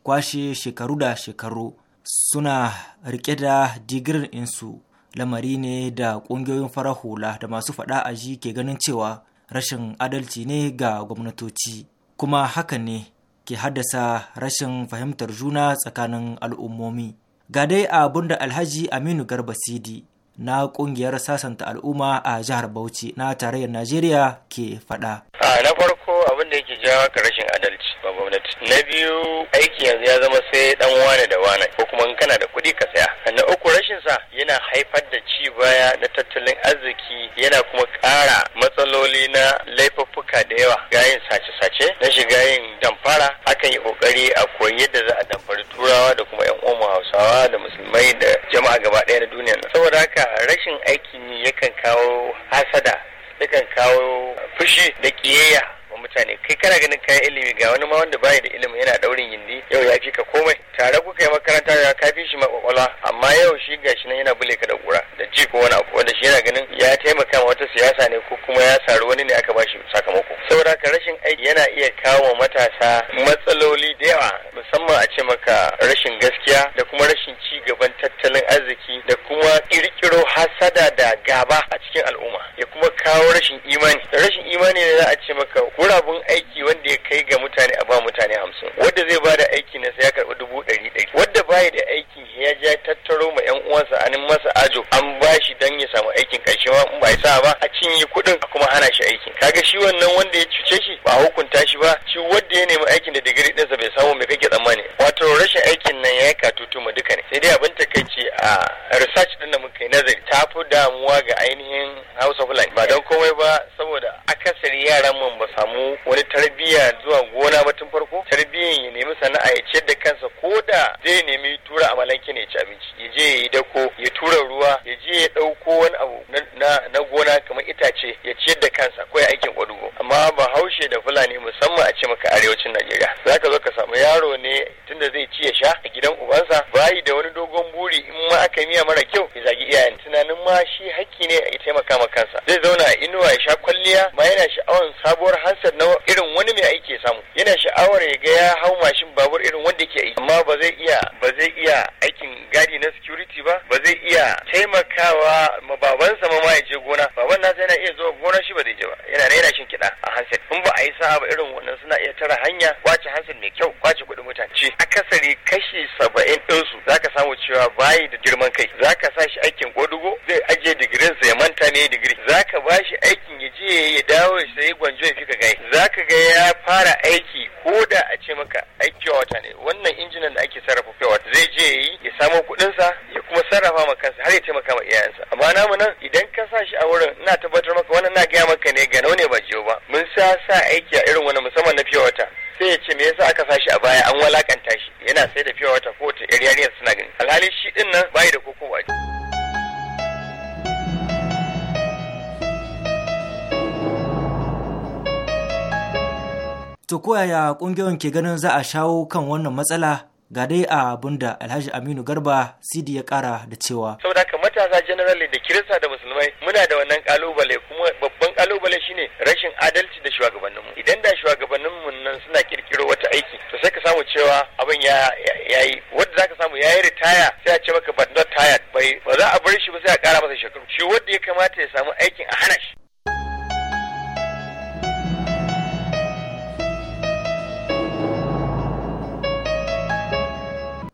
kwashe shekaru da shekaru suna riƙe da digirin insu lamari ne da ƙungiyoyin farar hula da masu faɗa a ji ke ganin cewa rashin adalci ne ga gwamnatoci kuma haka ne ke haddasa rashin fahimtar juna tsakanin al'ummomi ga dai abun da alhaji aminu garba sidi na kungiyar sasanta al'umma a jihar Bauchi na tarayyar Najeriya ke faɗa. Na farko da yake jawo ka rashin adalci ba gwamnati na biyu aiki yanzu ya zama sai dan wane da wane ko kuma in kana da kuɗi ka saya na uku rashin sa yana haifar da ci baya na tattalin arziki yana kuma ƙara matsaloli na laifuffuka da yawa ga sace-sace na shiga yin damfara akan yi kokari a koyi yadda za a damfari turawa da kuma yan uwan hausawa da musulmai da jama'a gaba ɗaya na duniya saboda haka rashin aikin yakan kawo hasada yakan kawo fushi da ƙiyayya wa mutane kai kana ganin kayan ilimi ga wani ma wanda bai da ilimi yana daurin yindi yau ya ka komai tare kuka yi makaranta ya kafi shi makwakwala amma yau shi gashi nan yana bule ka da kura da ji ko wani abu wanda shi yana ganin ya taimaka ma wata siyasa ne ko kuma ya saru wani ne aka bashi sakamako saboda ka rashin aiki yana iya kawo matasa matsaloli da yawa musamman a ce maka rashin gaskiya da kuma rashin ci gaban tattalin arziki da kuma kirkiro hasada da gaba a cikin al'umma ya kuma kawo rashin imani rashin imani ne za a ce maka gurabun aiki wanda ya kai ga mutane a ba mutane hamsin wanda zai bada aiki na sai ya karɓi dubu ɗari ɗari wanda baya da aiki ya ja tattaro ma yan uwansa an masa ajo an bashi dan ya samu aikin ƙarshe ma in ba ya sa ba a cinye kuɗin a kuma hana shi aiki kaga shi wannan wanda ya ci yadda kungiyoyin ke ganin za a shawo kan wannan matsala ga dai abun da alhaji aminu garba CD ya kara da cewa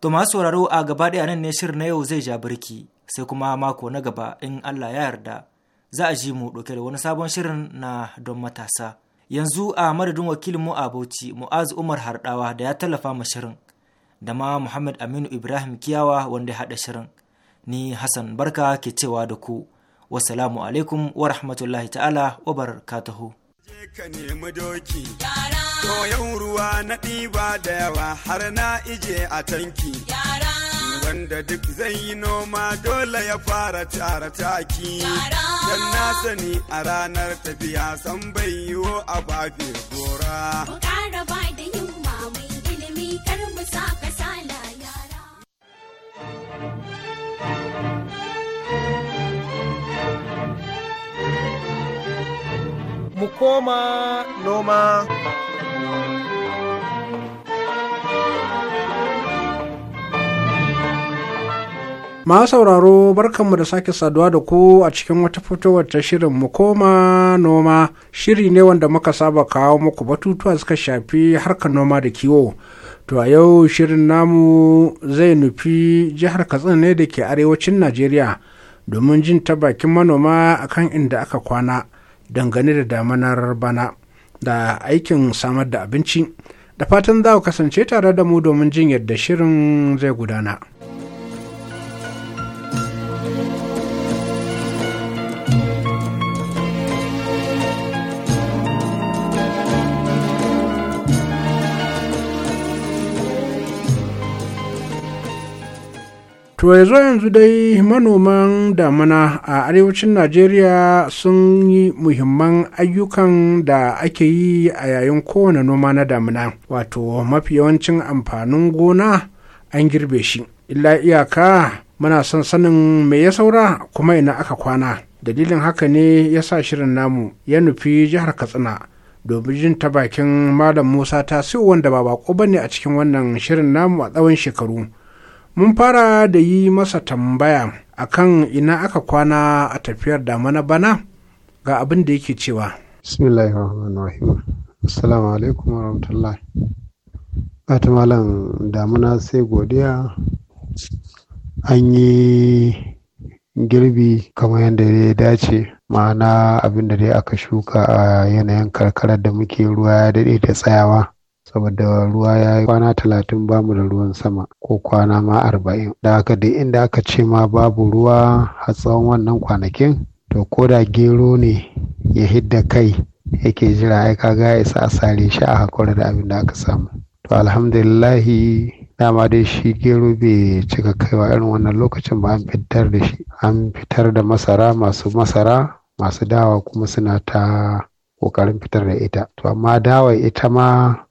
To masu sauraro a gaba ɗaya nan ne shirin na yau zai ja birki sai kuma mako na gaba in Allah ya yarda za a ji mu ɗauke da wani sabon shirin na don matasa. Yanzu a madadin wakilin mu a Bauchi Mu'az Umar Hardawa da ya tallafa ma shirin da ma Muhammad Aminu Ibrahim Kiyawa wanda ya haɗa shirin. Ni Hassan Barka ke cewa da ku. Wasalamu alaikum wa rahmatullahi ta'ala wa barakatuhu. Je ka nemi doki. Yara. ruwa na ɗiba da yawa har na ije a tanki. Yara. Wanda duk zai yi noma dole ya fara tara taki. Yara. Dan na sani a ranar tafiya san bai yiwo a bafe gora. Ku ƙara ba da yunwa mai ilimi kar mu sa kasala yara. mu koma noma. Ma sauraro barkanmu da sake saduwa da ku a cikin wata fitowar ta shirin mu koma noma shiri ne wanda muka saba kawo muku batutuwa suka shafi harkar noma da kiwo. To a yau shirin namu zai nufi jihar Katsina ne da ke arewacin Najeriya domin jin ta bakin manoma akan inda aka kwana. dangane da damanar bana da aikin samar da abinci da fatan za ku kasance tare da mu domin jin yadda shirin zai gudana. to yanzu yanzu dai manoman damuna a arewacin najeriya sun yi muhimman ayyukan da ake yi a yayin kowane noma na damuna wato mafi yawancin amfanin gona an girbe shi illa iyaka muna son sanin me ya saura kuma ina aka kwana dalilin haka ne ya sa shirin namu ya nufi jihar katsina domin jin ta bakin malam musa ta wanda ba bako bane a cikin wannan shirin namu a tsawon shekaru mun fara da yi masa tambaya a kan ina aka kwana a tafiyar damana bana ga abin da yake cewa assalamu alaikum bata malam damuna sai godiya an yi girbi kamar yadda ya dace ma'ana abin da dai aka shuka a yanayin karkarar da muke ruwa ya daɗe da tsayawa saboda ruwa ya yi kwana talatin bamu da ruwan sama ko kwana ma arba'in da haka duk inda aka ce ma babu ruwa a tsawon wannan kwanakin to ko da gero ne ya hidda kai yake jira ai kaga ya isa a sare shi a hakura da abin da aka samu to alhamdulillahi dama dai shi gero bai cika kaiwa irin wannan lokacin ba an fitar da shi an fitar da masara masu masara masu dawa kuma suna ta kokarin fitar da ita to amma dawa ita ma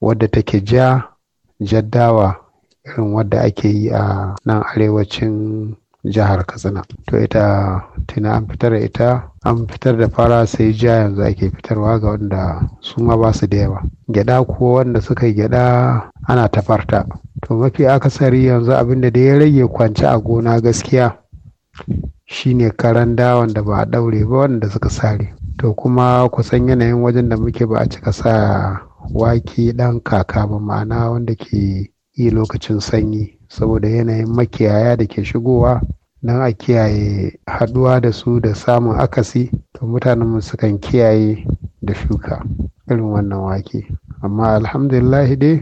wadda take ja jaddawa irin wadda ake yi a nan arewacin jihar katsina to ita tuna an fitar da ita an fitar da fara sai ja yanzu ake fitarwa ga wanda su ma ba su da yawa gyada kuwa wanda suka yi gyada ana tafarta to mafi akasari yanzu abinda da ya rage kwance a gona gaskiya shine karan dawan da ba a daure ba wanda suka sare to kuma kusan yanayin wajen da muke ba a cika sa wake ɗan kaka ba ma'ana wanda ke yi lokacin sanyi saboda yanayin makiyaya da ke shigowa don a kiyaye haɗuwa da su da samun akasi to mutanenmu sukan kiyaye da shuka irin wannan wake amma alhamdulillah dai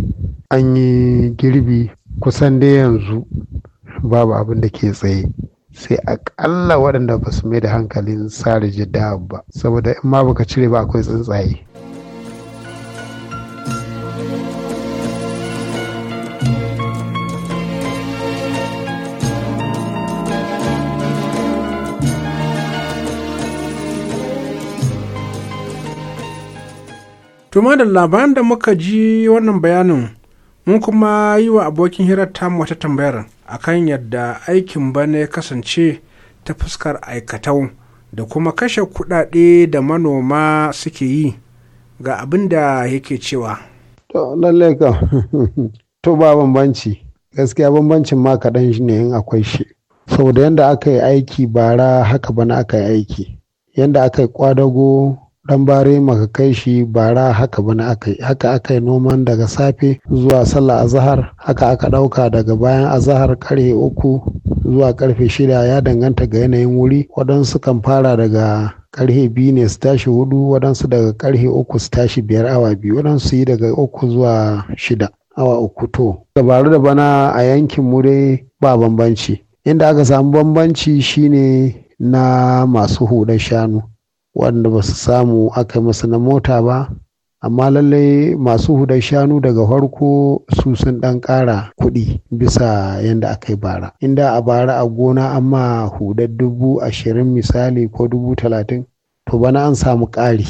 an yi girbi kusan dai yanzu babu abin da ke tsaye sai akalla waɗanda ba su mai da hankalin sare jidda ba saboda in ma baka cire ba akwai tsuntsaye to da labaran da muka ji wannan bayanin mun kuma yi wa abokin hirar tamu wata tambayar akan yadda aikin bana ya kasance ta fuskar aikatau da kuma kashe kudade da manoma suke yi ga abin da yake cewa to lallai ka to ba bambanci gaskiya bambancin ma kaɗan shi ne in akwai shi saboda yadda aka yi aiki bara haka bana aka yi aiki yadda aka yi kwadago dan bare maka kai shi bara haka bana aka haka aka noman daga safe zuwa sallah azahar haka aka dauka daga bayan azahar karhe uku zuwa karfe shida ya danganta ga yanayin wuri waɗansu kan fara daga karhe biyu ne su tashi hudu waɗansu daga karhe uku su tashi biyar awa biyu waɗansu yi daga uku zuwa shida awa uku to dabaru da bana a yankin mu dai ba bambanci inda aka samu bambanci shine na masu hudar shanu waɗanda ba su samu aka masu na mota ba amma lallai masu hudar shanu daga farko su sun ɗan kara kuɗi bisa yadda aka yi bara inda a bara a gona amma hudar dubu ashirin misali ko dubu talatin to bana an samu ƙari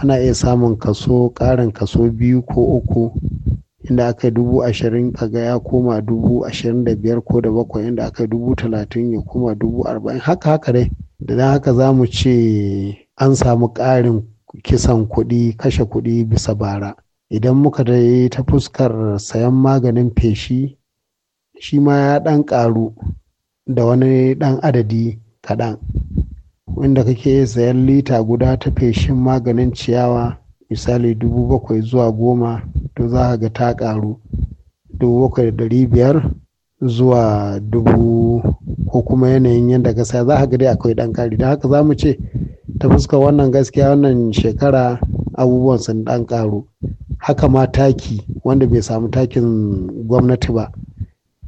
ana iya samun kaso ƙarin kaso biyu ko uku inda aka yi dubu ashirin kaga ya koma dubu ashirin da biyar ko da bakwai inda aka yi dubu talatin ya koma dubu arba'in haka haka dai da haka za mu ce an samu ƙarin kisan kuɗi kashe kuɗi bisa bara idan muka dai ta fuskar sayan maganin feshi shi ma ya ɗan ƙaru da wani ɗan adadi kaɗan wanda kake sayan lita guda ta feshin maganin ciyawa misali dubu bakwai zuwa goma to za ga ta ƙaru dubu bakwai da ɗari biyar zuwa dubu ko kuma yanayin yadda ka saya za ka ga dai akwai ɗan ƙari da haka za mu ce ta fuskar wannan gaskiya wannan shekara abubuwan sun dan karu haka ma taki wanda bai samu takin gwamnati ba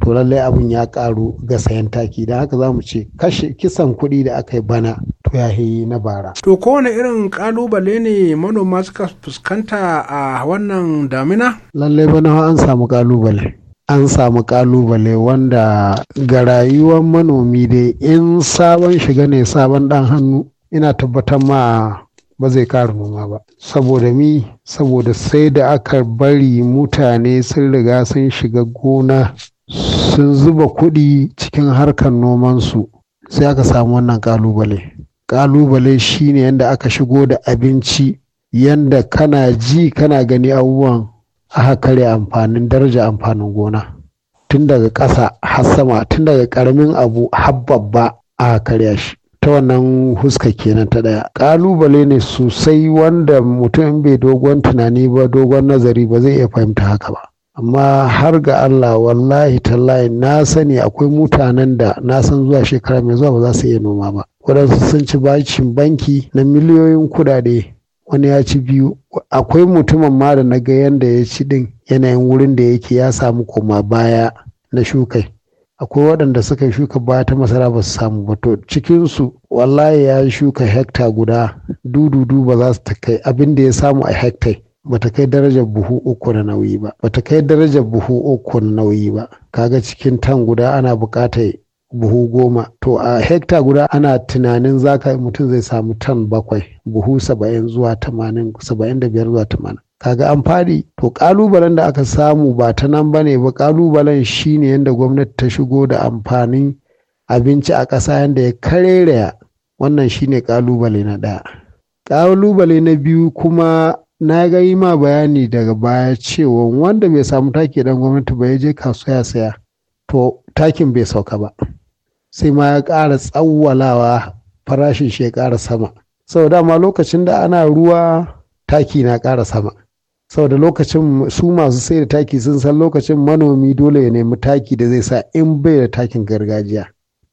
to lallai abin ya karu ga sayan taki da haka za mu ce kashe kisan kuɗi da aka yi bana to ya yi na bara. To kowane irin kalubale ne manoma suka fuskanta a wannan damina? Lallai bana an samu kalubale. An samu kalubale wanda ga rayuwar manomi dai in sabon shiga ne sabon ɗan hannu ina tabbatar ma ba zai ƙara noma ba saboda mi saboda sai da aka bari mutane sun riga sun shiga gona sun zuba kuɗi cikin harkar nomansu sai aka samu wannan ƙalubale ƙalubale shine yadda aka shigo da abinci yadda kana ji kana gani abubuwan aka kare amfanin daraja amfanin gona tun daga ƙasa har sama tun daga ƙaramin abu har babba aka karya shi ta wannan huska kenan ta daya kalubale ne sosai wanda mutum bai dogon tunani ba dogon nazari ba zai iya fahimta haka ba amma har ga Allah wallahi tallahi na sani akwai mutanen da na san zuwa shekara mai zuwa ba za su iya noma ba waɗansu sun ci bacin banki na miliyoyin kudade wani ya ci biyu akwai mutumin ma da na ga yanda ya ci din yanayin wurin da yake ya samu koma baya na shukai akwai waɗanda suka shuka baya ta masara ba su samu ba to cikinsu wallahi ya shuka hekta guda dududu ba za su ta kai abin da ya samu a hektai ta kai darajar buhu uku na nauyi ba ba ta kai darajar buhu uku na nauyi ba kaga cikin tan guda ana buƙatar buhu goma to a hekta guda ana tunanin zaka mutum zai samu tan bakwai buhu saba'in zuwa tamanin saba'in da biyar zuwa tamanin kaga an faɗi to ƙalubalen da aka samu ba ta nan ba ne ba ƙalubalen ne yadda gwamnati ta shigo da amfanin abinci a ƙasa yadda ya kareraya wannan ne ƙalubale na ɗaya ƙalubale na biyu kuma na ga yi ma bayani daga baya cewa wanda bai samu taki dan gwamnati ba ya je kasuwa ya saya to takin bai sauka ba sai ma ya ƙara tsawwalawa farashin shi ya ƙara sama sau ma lokacin da ana ruwa taki na ƙara sama sau da lokacin su masu sai da taki sun san lokacin manomi dole ya nemi taki da zai sa in bai da takin gargajiya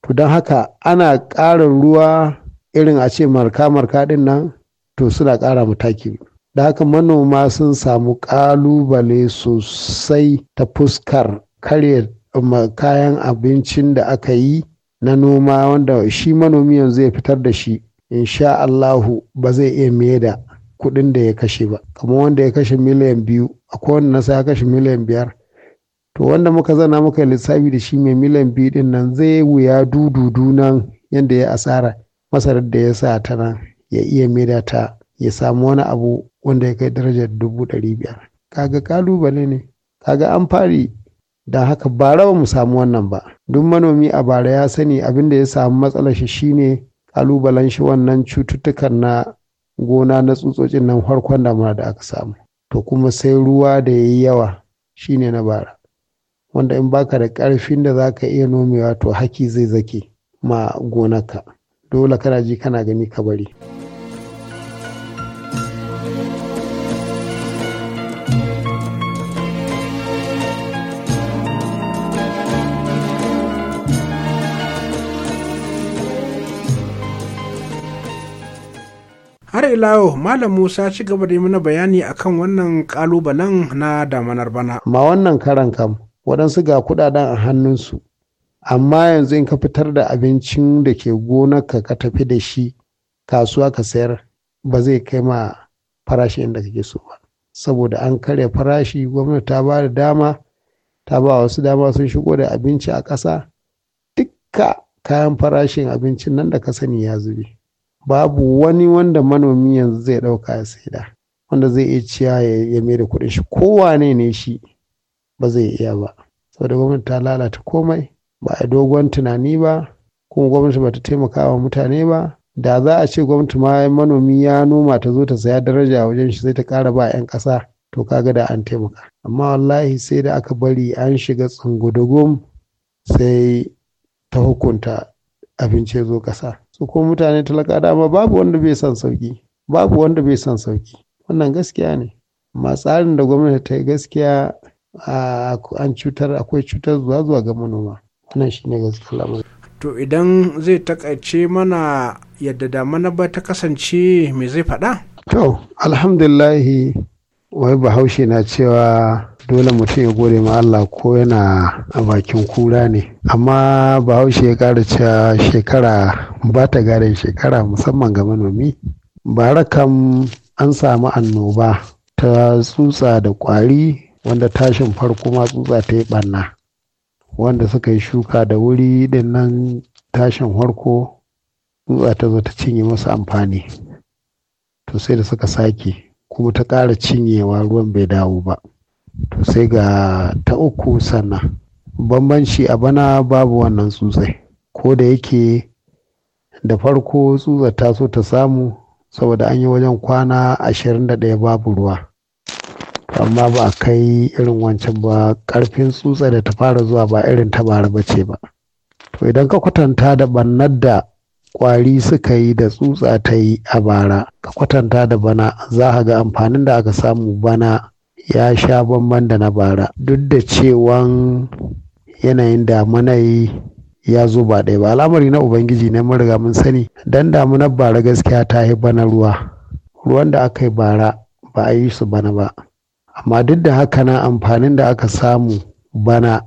to don haka ana ƙarin ruwa irin a ce marka-marka ɗin nan to suna ƙara mu taki da haka manoma sun samu ƙalubale sosai ta fuskar karya kayan abincin da aka yi na noma wanda shi manomi yanzu ya fitar da shi insha Allahu ba zai iya mai da kuɗin da ya kashe ba kamar wanda ya kashe miliyan biyu a kowane na ya kashe miliyan biyar to wanda muka zana muka lissafi da shi mai miliyan biyu din nan zai wuya dududu nan yadda ya asara masarar da ya sa tana ya iya maida ya samu wani abu wanda ya kai darajar dubu ɗari biyar kaga kalubale ne kaga an fari da haka bara ba mu samu wannan ba duk manomi a bara ya sani abin da ya samu matsalar shi shine kalubalen shi wannan cututtukan na gona na tsutsotsin nan farkon damuna da aka samu to kuma sai ruwa da ya yi yawa shine na bara wanda in baka da ƙarfin da za ka iya nomewa to haki zai zake ma gonaka dole kana ji kana gani ka bari. ilawo malam musa ci gaba da yi mana bayani akan wannan kalubalen na damanar bana ma wannan karan kam waɗansu ga kuɗaɗen a hannunsu amma yanzu in ka fitar da abincin da ke gonarka ka tafi da shi kasuwa ka sayar ba zai kai ma farashi inda kake so ba saboda an karya farashi gwamnati ta ba da dama ta ba wasu dama sun shigo da abinci a ƙasa dukka kayan farashin abincin nan da ka sani ya zube babu wani wanda manomi yanzu zai ɗauka ya saida wanda zai iya ciya ya mai da kuɗin shi kowa ne ne shi ba zai iya ba saboda gwamnati ta lalata komai ba a dogon tunani ba kuma gwamnati ba ta taimaka wa mutane ba da za a ce gwamnati ma manomi ya noma ta zo ta saya daraja wajen shi zai ta ƙara ba 'yan ƙasa to kaga da an taimaka amma wallahi sai da aka bari an shiga tsungudugum sai ta hukunta abinci ya zo ƙasa su ko mutane talaka dama babu wanda bai son sauki babu wanda bai son sauki wannan gaskiya ne amma tsarin da gwamnati ta yi gaskiya an cutar akwai cutar zuwa zuwa ga manoma wannan shine gaskiya lamarin to idan zai takaice mana yadda damana ba ta kasance me zai faɗa to alhamdulillahi wai bahaushe na cewa dole mutum ya gode ma Allah ko yana a bakin kura ne amma bahaushe ya ƙara cewa shekara ba ta gadon shekara musamman ga manomi bara kam an samu annoba ta tsutsa da ƙwari wanda tashin farko ma tsutsa ta yi ɓanna wanda suka yi shuka da wuri din nan tashin farko tsutsa ta zo ta cinye masu amfani to sai da suka sake kuma ta ƙara cinyewa ruwan bai dawo ba sai ga ta uku sannan bambanci a bana babu wannan tsutsai ko da yake da farko tsutsar ta so ta samu saboda an yi wajen kwana 21 babu ruwa amma ba a kai irin wancan ba karfin tsutsa da ta fara zuwa ba irin ta ba ce ba to idan ka kwatanta da bannar da kwari suka yi da tsutsa ta yi a bara ka kwatanta da bana za a ga amfanin da aka samu bana ya sha bamban da na bara duk da cewan yanayin da damanai ya zo ba ɗaya ba al'amari na ubangiji ne mun riga mun sani dan damunar bara gaskiya ta yi bana ruwa ruwan da aka yi bara ba a yi su bana ba amma duk da haka na amfanin da aka samu bana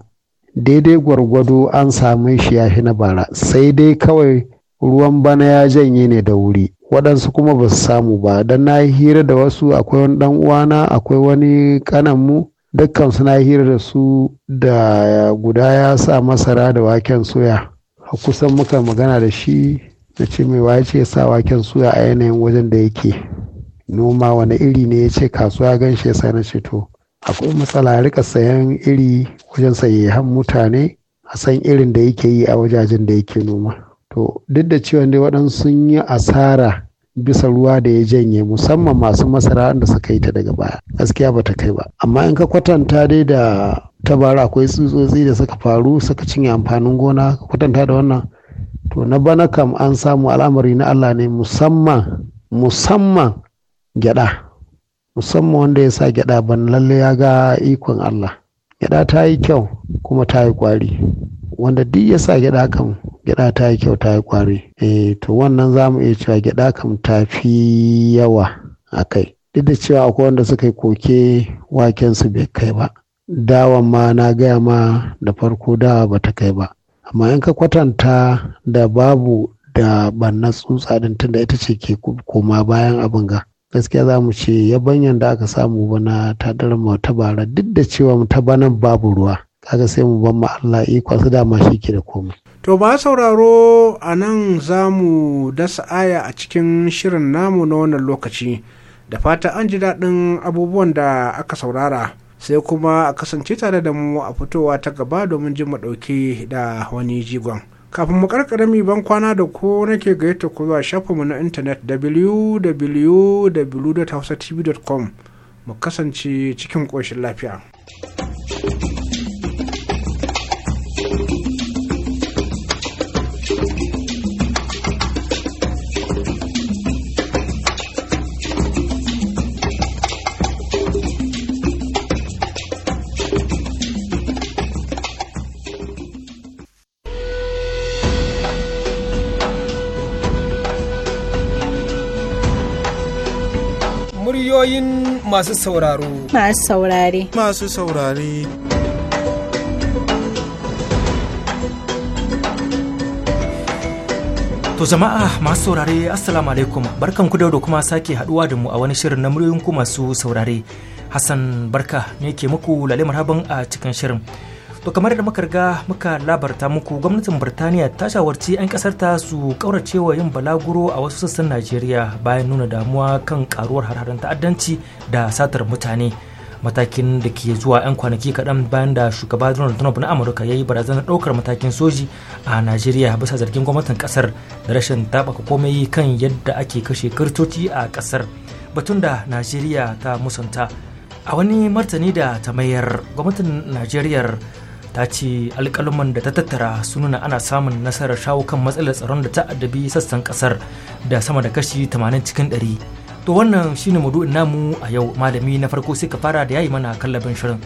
daidai gwargwado an same shi ya na bara sai dai kawai ruwan bana ya janye ne da wuri waɗansu kuma ba su samu ba don na yi hira da wasu akwai wani ɗan uwana akwai wani ƙananmu dukkan su na hira da su da guda ya sa masara da waken soya a kusan muka magana da shi na ce mai waye ce sa waken soya a yanayin wajen da yake noma wani iri ne ya ce kasuwa gan shi ya na ce to akwai matsala rika sayan iri wajen sayayyan mutane a san irin da yake yi a wajajen da yake noma to duk da cewa dai waɗansu sun yi asara bisa ruwa da ya janye musamman masu masara da suka yi ta daga baya gaskiya ba ta kai ba amma in ka kwatanta dai da tabara akwai tsutsotsi da suka faru suka cinye amfanin gona ka kwatanta da wannan to na bana kam an samu al'amari na Allah ne musamman musamman gyada musamman wanda ya sa gyada ban lalle ya ga ikon Allah gyada ta yi kyau kuma ta yi kwari wanda duk ya sa gyaɗa kam gyaɗa ta yi kyau ta yi ƙwari eh to wannan za mu iya cewa gyaɗa kam ta fi yawa a kai duk da cewa akwai wanda suka yi koke waken su bai kai ba dawa ma na gaya ma da farko dawa ba ta kai ba amma in ka kwatanta da babu da banna tsutsa din tunda ita ce ke koma bayan abin ga gaskiya za mu ce yabanyan da aka samu bana ta darma ta bara duk da cewa ta banan babu ruwa kaga sai mu ban Allah ikon su dama shi ke da komai to ba sauraro a nan za mu dasa aya a cikin shirin namu na wannan lokaci da fata an ji daɗin abubuwan da aka saurara sai kuma a kasance tare da mu a fitowa ta gaba domin jin ɗauke da wani jigon kafin mu mi ban kwana da ko nake gayyata ku zuwa shafinmu na intanet www.hausatv.com mu kasance cikin koshin lafiya ra'ayoyin masu sauraro. Masu saurare. Masu saurare. To jama'a masu saurare Assalamu alaikum barkan ku da kuma sake haduwa da mu a wani shirin na muryoyin ku masu saurare. Hassan barka ne ke muku lalle marhaban a cikin shirin. To kamar da muka riga muka labarta muku gwamnatin Birtaniya ta shawarci 'yan kasar ta su kauracewa yin balaguro a wasu sassan Najeriya bayan nuna damuwa kan karuwar harharen ta'addanci da satar mutane. Matakin da ke zuwa 'yan kwanaki kaɗan bayan da shugaba Donald Trump na Amurka ya yi barazanar ɗaukar matakin soji a Najeriya bisa zargin gwamnatin ƙasar da rashin taɓaka komai kan yadda ake kashe kirtoci a ƙasar. Batun da Najeriya ta musanta a wani martani da ta mayar gwamnatin Najeriya ta ce alkaluman da ta tattara sun ana samun nasarar shawo kan matsalar tsaron da ta addabi sassan kasar da sama da kashi 80 cikin 100 to wannan shine maudu'in namu a yau malami na farko sai ka fara da yayi mana kallabin shirin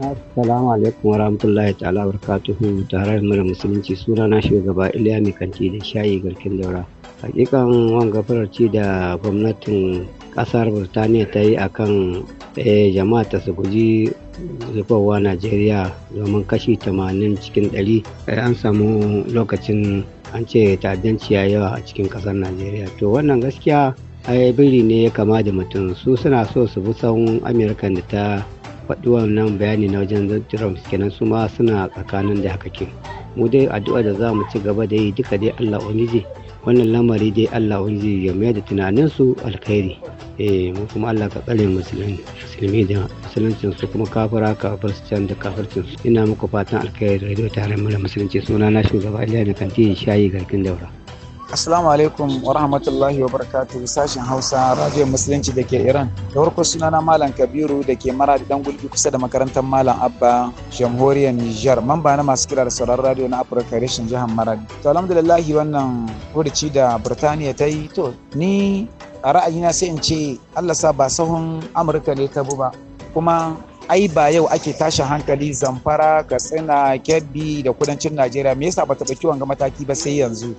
Assalamu alaikum wa rahmatullahi ta'ala barakatuhu tare da musulunci sunana shugaba Iliya Kanti da shayi garkin daura. Hakikan wanga farar da gwamnatin Ƙasar burtaniya ta yi a kan eh, jama'a ta su guji zubarwa najeriya domin kashi tamanin cikin 100 eh, an samu lokacin an ce ta'addanci ya yawa a cikin kasar najeriya to wannan gaskiya ai biri ne ya kama da mutum su suna so su bi sahun amurka da ta faɗi wannan bayani na wajen trump kenan su ma suna tsakanin da haka ke mu dai addu'a da za mu ci gaba da yi duka dai allah oniji wannan lamari dai Allah wani ya mayar da tunaninsu alkhairi eh, mu kuma Allah ka tsare musulmi da su kuma kafara ka bar su da kafircin ina muku fatan alkhairi radio ta mana musulunci suna na shugaba Iliya Kanti shayi garkin daura Assalamu alaikum wa rahmatullahi wa barakatu sashen Hausa Radio Musulunci da ke Iran. Da farko sunana Malam Kabiru da ke mara dan gulbi kusa da makarantar Malam Abba Jamhuriyar Nijar. Mamba na masu kira da sauran radio na Afirka reshen jihar Maradi. To alhamdulillah wannan hurci da Burtaniya ta yi to ni a ra'ayina sai in ce Allah sa ba sahun Amurka ne ta bu ba. Kuma ai ba yau ake tashin hankali zamfara katsina kebbi da kudancin najeriya me yasa bata ɗauki wanga mataki ba sai yanzu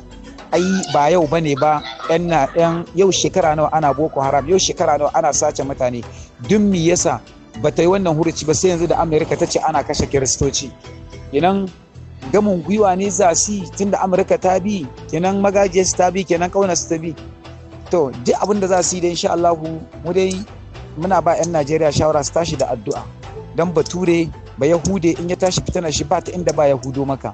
ai ba yau bane ba yan na yan yau shekara nawa ana boko haram yau shekara nawa ana sace mutane duk me yasa ta yi wannan huruci ba sai yanzu da Amerika ta ce ana kashe kiristoci kenan gamin gwiwa ne za su tun da Amurka ta bi kenan magajiyar ta bi kenan su ta bi to duk abin da za su yi da insha Allah mu dai muna ba 'yan Najeriya shawara su tashi da addu'a don bature ba yahude in ya tashi fitana shi ba ta inda ba yahudo maka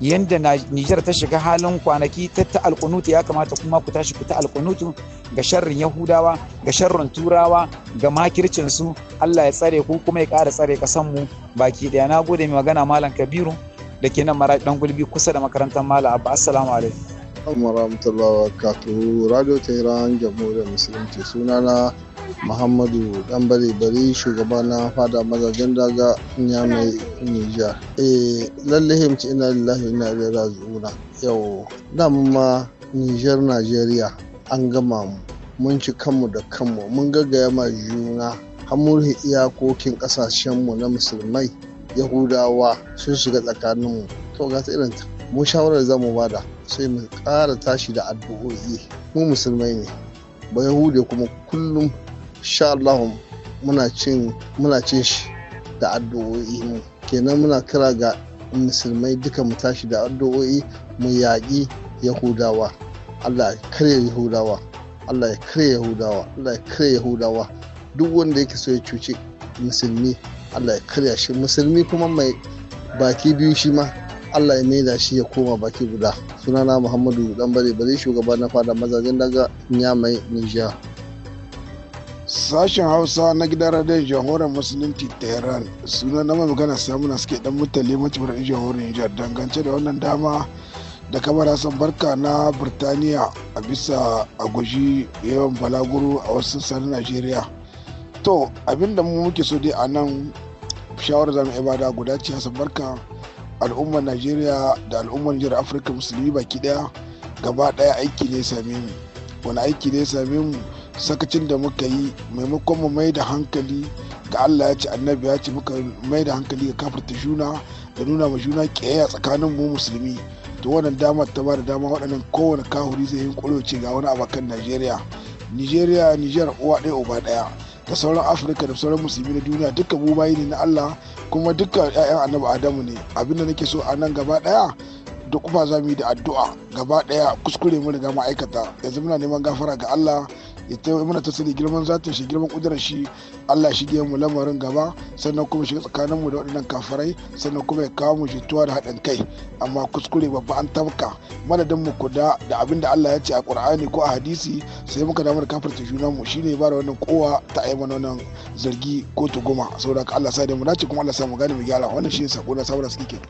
yadda Nijar ta shiga halin kwanaki ta ta alkunutu ya kamata kuma ku tashi ku ta alkunutu ga sharrin Yahudawa ga sharrin Turawa ga makircinsu Allah ya tsare ku kuma ya kara tsare kasan mu baki daya na gode mai magana Malam Kabiru da ke nan mara dan gulbi kusa da makarantar Malam Abba assalamu alaikum. Assalamu alaikum Radio Tehran Jamhuriyar Musulunci sunana muhammadu dan bari shugaba na fada mazajen daga ya mai nijar eh lalle himci ina lillahi ina ilaihi raji'una yau dama nijar najeriya an gama mu mun ci kanmu da kanmu mun gaggaya ma juna hamurhi iyakokin ƙasashenmu na musulmai yahudawa sun shiga tsakaninmu to ga irin mu shawarar za mu bada sai mu ƙara tashi da addu'o'i mu musulmai ne ba yahude kuma kullum sha Allahun muna cin shi da addu'o'i mu kenan muna kira ga musulmai duka mu tashi da addu'o'i mu yaƙi yahudawa Allah ya kare yahudawa Allah ya kare yahudawa Allah ya kare yahudawa duk wanda yake so ya cuci musulmi Allah ya karya shi musulmi kuma mai baki biyu shi ma Allah ya maida shi ya koma baki guda sunana Muhammadu Dambare bare shugaba na fada mazajen daga Nyamai Nijar Sashen Hausa na gidan radiyon jamhuriyar Musulunci Tehran suna na mai magana samu na suke dan mutane matsubar jamhuriyar Nijar dangance da wannan dama da kamar hasan Barka na Birtaniya a bisa a yawan balaguro a wasu sassan Najeriya. To abinda mu muke so dai a nan shawarar zamu ibada guda ce hasan Barka al'ummar Najeriya da al'ummar Nijar Afirka Musulmi baki daya gaba daya aiki ne same mu. Wani aiki ne same mu sakacin da muka yi maimakon mu mai da hankali ga Allah ya ce annabi ya ce muka mai da hankali ga kafirta juna da nuna ma juna kiyaya tsakanin mu musulmi to wannan damar ta ba da dama waɗannan kowane kahuri zai yi ce ga wani abakan Najeriya Nijeriya Nijar uwa ɗaya uba ɗaya da sauran Afirka da sauran musulmi na duniya duka mu bayi ne na Allah kuma duka 'ya'yan annabi Adamu ne abin da nake so a nan gaba ɗaya da kuma za mu yi da addu'a gaba ɗaya kuskure mu riga ma'aikata yanzu muna neman gafara ga Allah ya taimaka mana sani girman zata shi girman kudurar shi Allah shi ge mu lamarin gaba sannan kuma shiga tsakanin mu da waɗannan kafarai sannan kuma ya kawo mu jituwa da haɗin kai amma kuskure babba an tabka madadin mu kuda da abin da Allah ya ce a Qur'ani ko a hadisi sai muka damu da kafarta juna mu shine ba da wannan kowa ta ayi mana wannan zargi ko tuguma saboda Allah sa da mu dace kuma Allah sa mu gane mu gyara wannan shine sako na sabon suke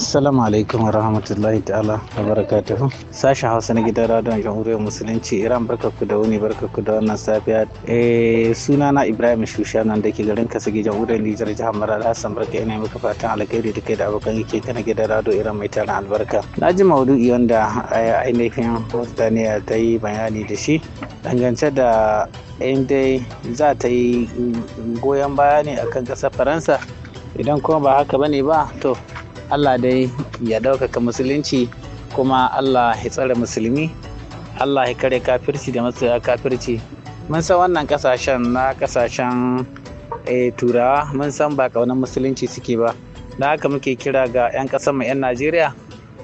Assalamu alaikum wa rahmatullahi ta'ala wa barakatuhu. Sashen Hausa na gidan radon jamhuriyar musulunci Iran barka ku da wuni barka ku da wannan safiya. Eh suna na Ibrahim Shusha nan da ke garin Kasige jamhuriyar Nijar jihar da Hassan barka ina maka fatan alkhairi da kai da abokan yake kana gidan rado Iran mai tara albarka. Na ji maudu'i wanda eh, ainihin Daniya, ta yi bayani da shi dangance da in dai za ta yi goyon baya ne akan kasar Faransa idan kuma ba haka bane ba to Allah dai ya ɗaukaka musulunci kuma Allah ya tsare musulmi Allah ya kare kafirci da masu kafirci mun san wannan kasashen na kasashen eh, turawa mun san ba kaunar musulunci suke ba da haka muke kira ga 'yan ƙasar mu 'yan Najeriya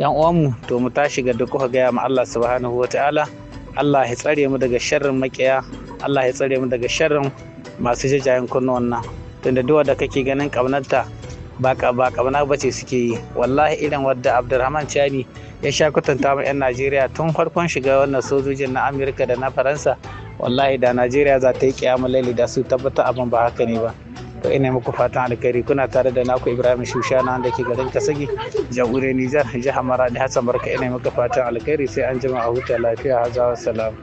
'yan uwanmu to mu tashi ga duk kuka gaya ma Allah subhanahu wa ta'ala Allah ya tsare mu daga sharrin makiya Allah ya tsare mu daga sharrin masu jajayen kunnuwan nan tunda duwa da kake ganin ƙaunarta ba kabana ba ce suke yi wallahi irin wadda abdulrahman chani ya sha kwatanta mu 'yan najeriya tun farkon shiga wannan sojojin na amurka da na faransa wallahi da najeriya za ta yi kiyamun laili da su tabbata abin ba haka ne ba to ina muku fatan alkhairi kuna tare da naku ibrahim shushana da ke garin kasagi jamhuriyar nijar jihar maradi hassan barka ina muku fatan alkhairi sai an jima a huta lafiya hazawa salam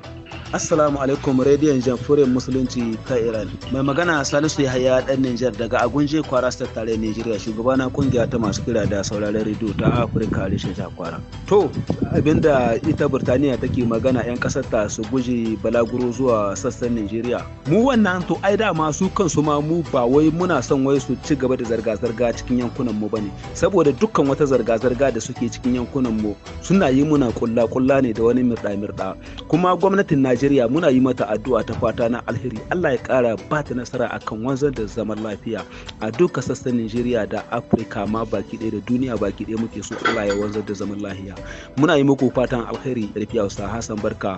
Assalamu alaikum rediyon jamfurin musulunci ta Iran. Mai magana Salisu Yahaya dan Nijar daga Agunje Kwara State tare Nijeriya shugabana kungiya ta masu kira da sauraron rediyo ta Afirka Rishin Kwara. To abinda ita Burtaniya take magana 'yan kasar ta su guji balaguro zuwa sassan Nijeriya. Mu wannan to ai da su kansu ma mu ba wai muna son wai su ci gaba da zarga-zarga cikin yankunan mu bane saboda dukkan wata zarga-zarga da suke cikin yankunan mu suna yi muna kulla-kulla ne da wani mirda-mirda kuma gwamnatin Najeriya Najeriya muna yi mata addu'a ta fata na alheri Allah ya kara ba ta nasara akan wanzar da zaman lafiya a duka sassan Najeriya da Afirka ma baki ɗaya da duniya baki ɗaya muke so Allah ya wanzar da zaman lafiya muna yi muku fatan alheri lafiya Hausa Hassan Barka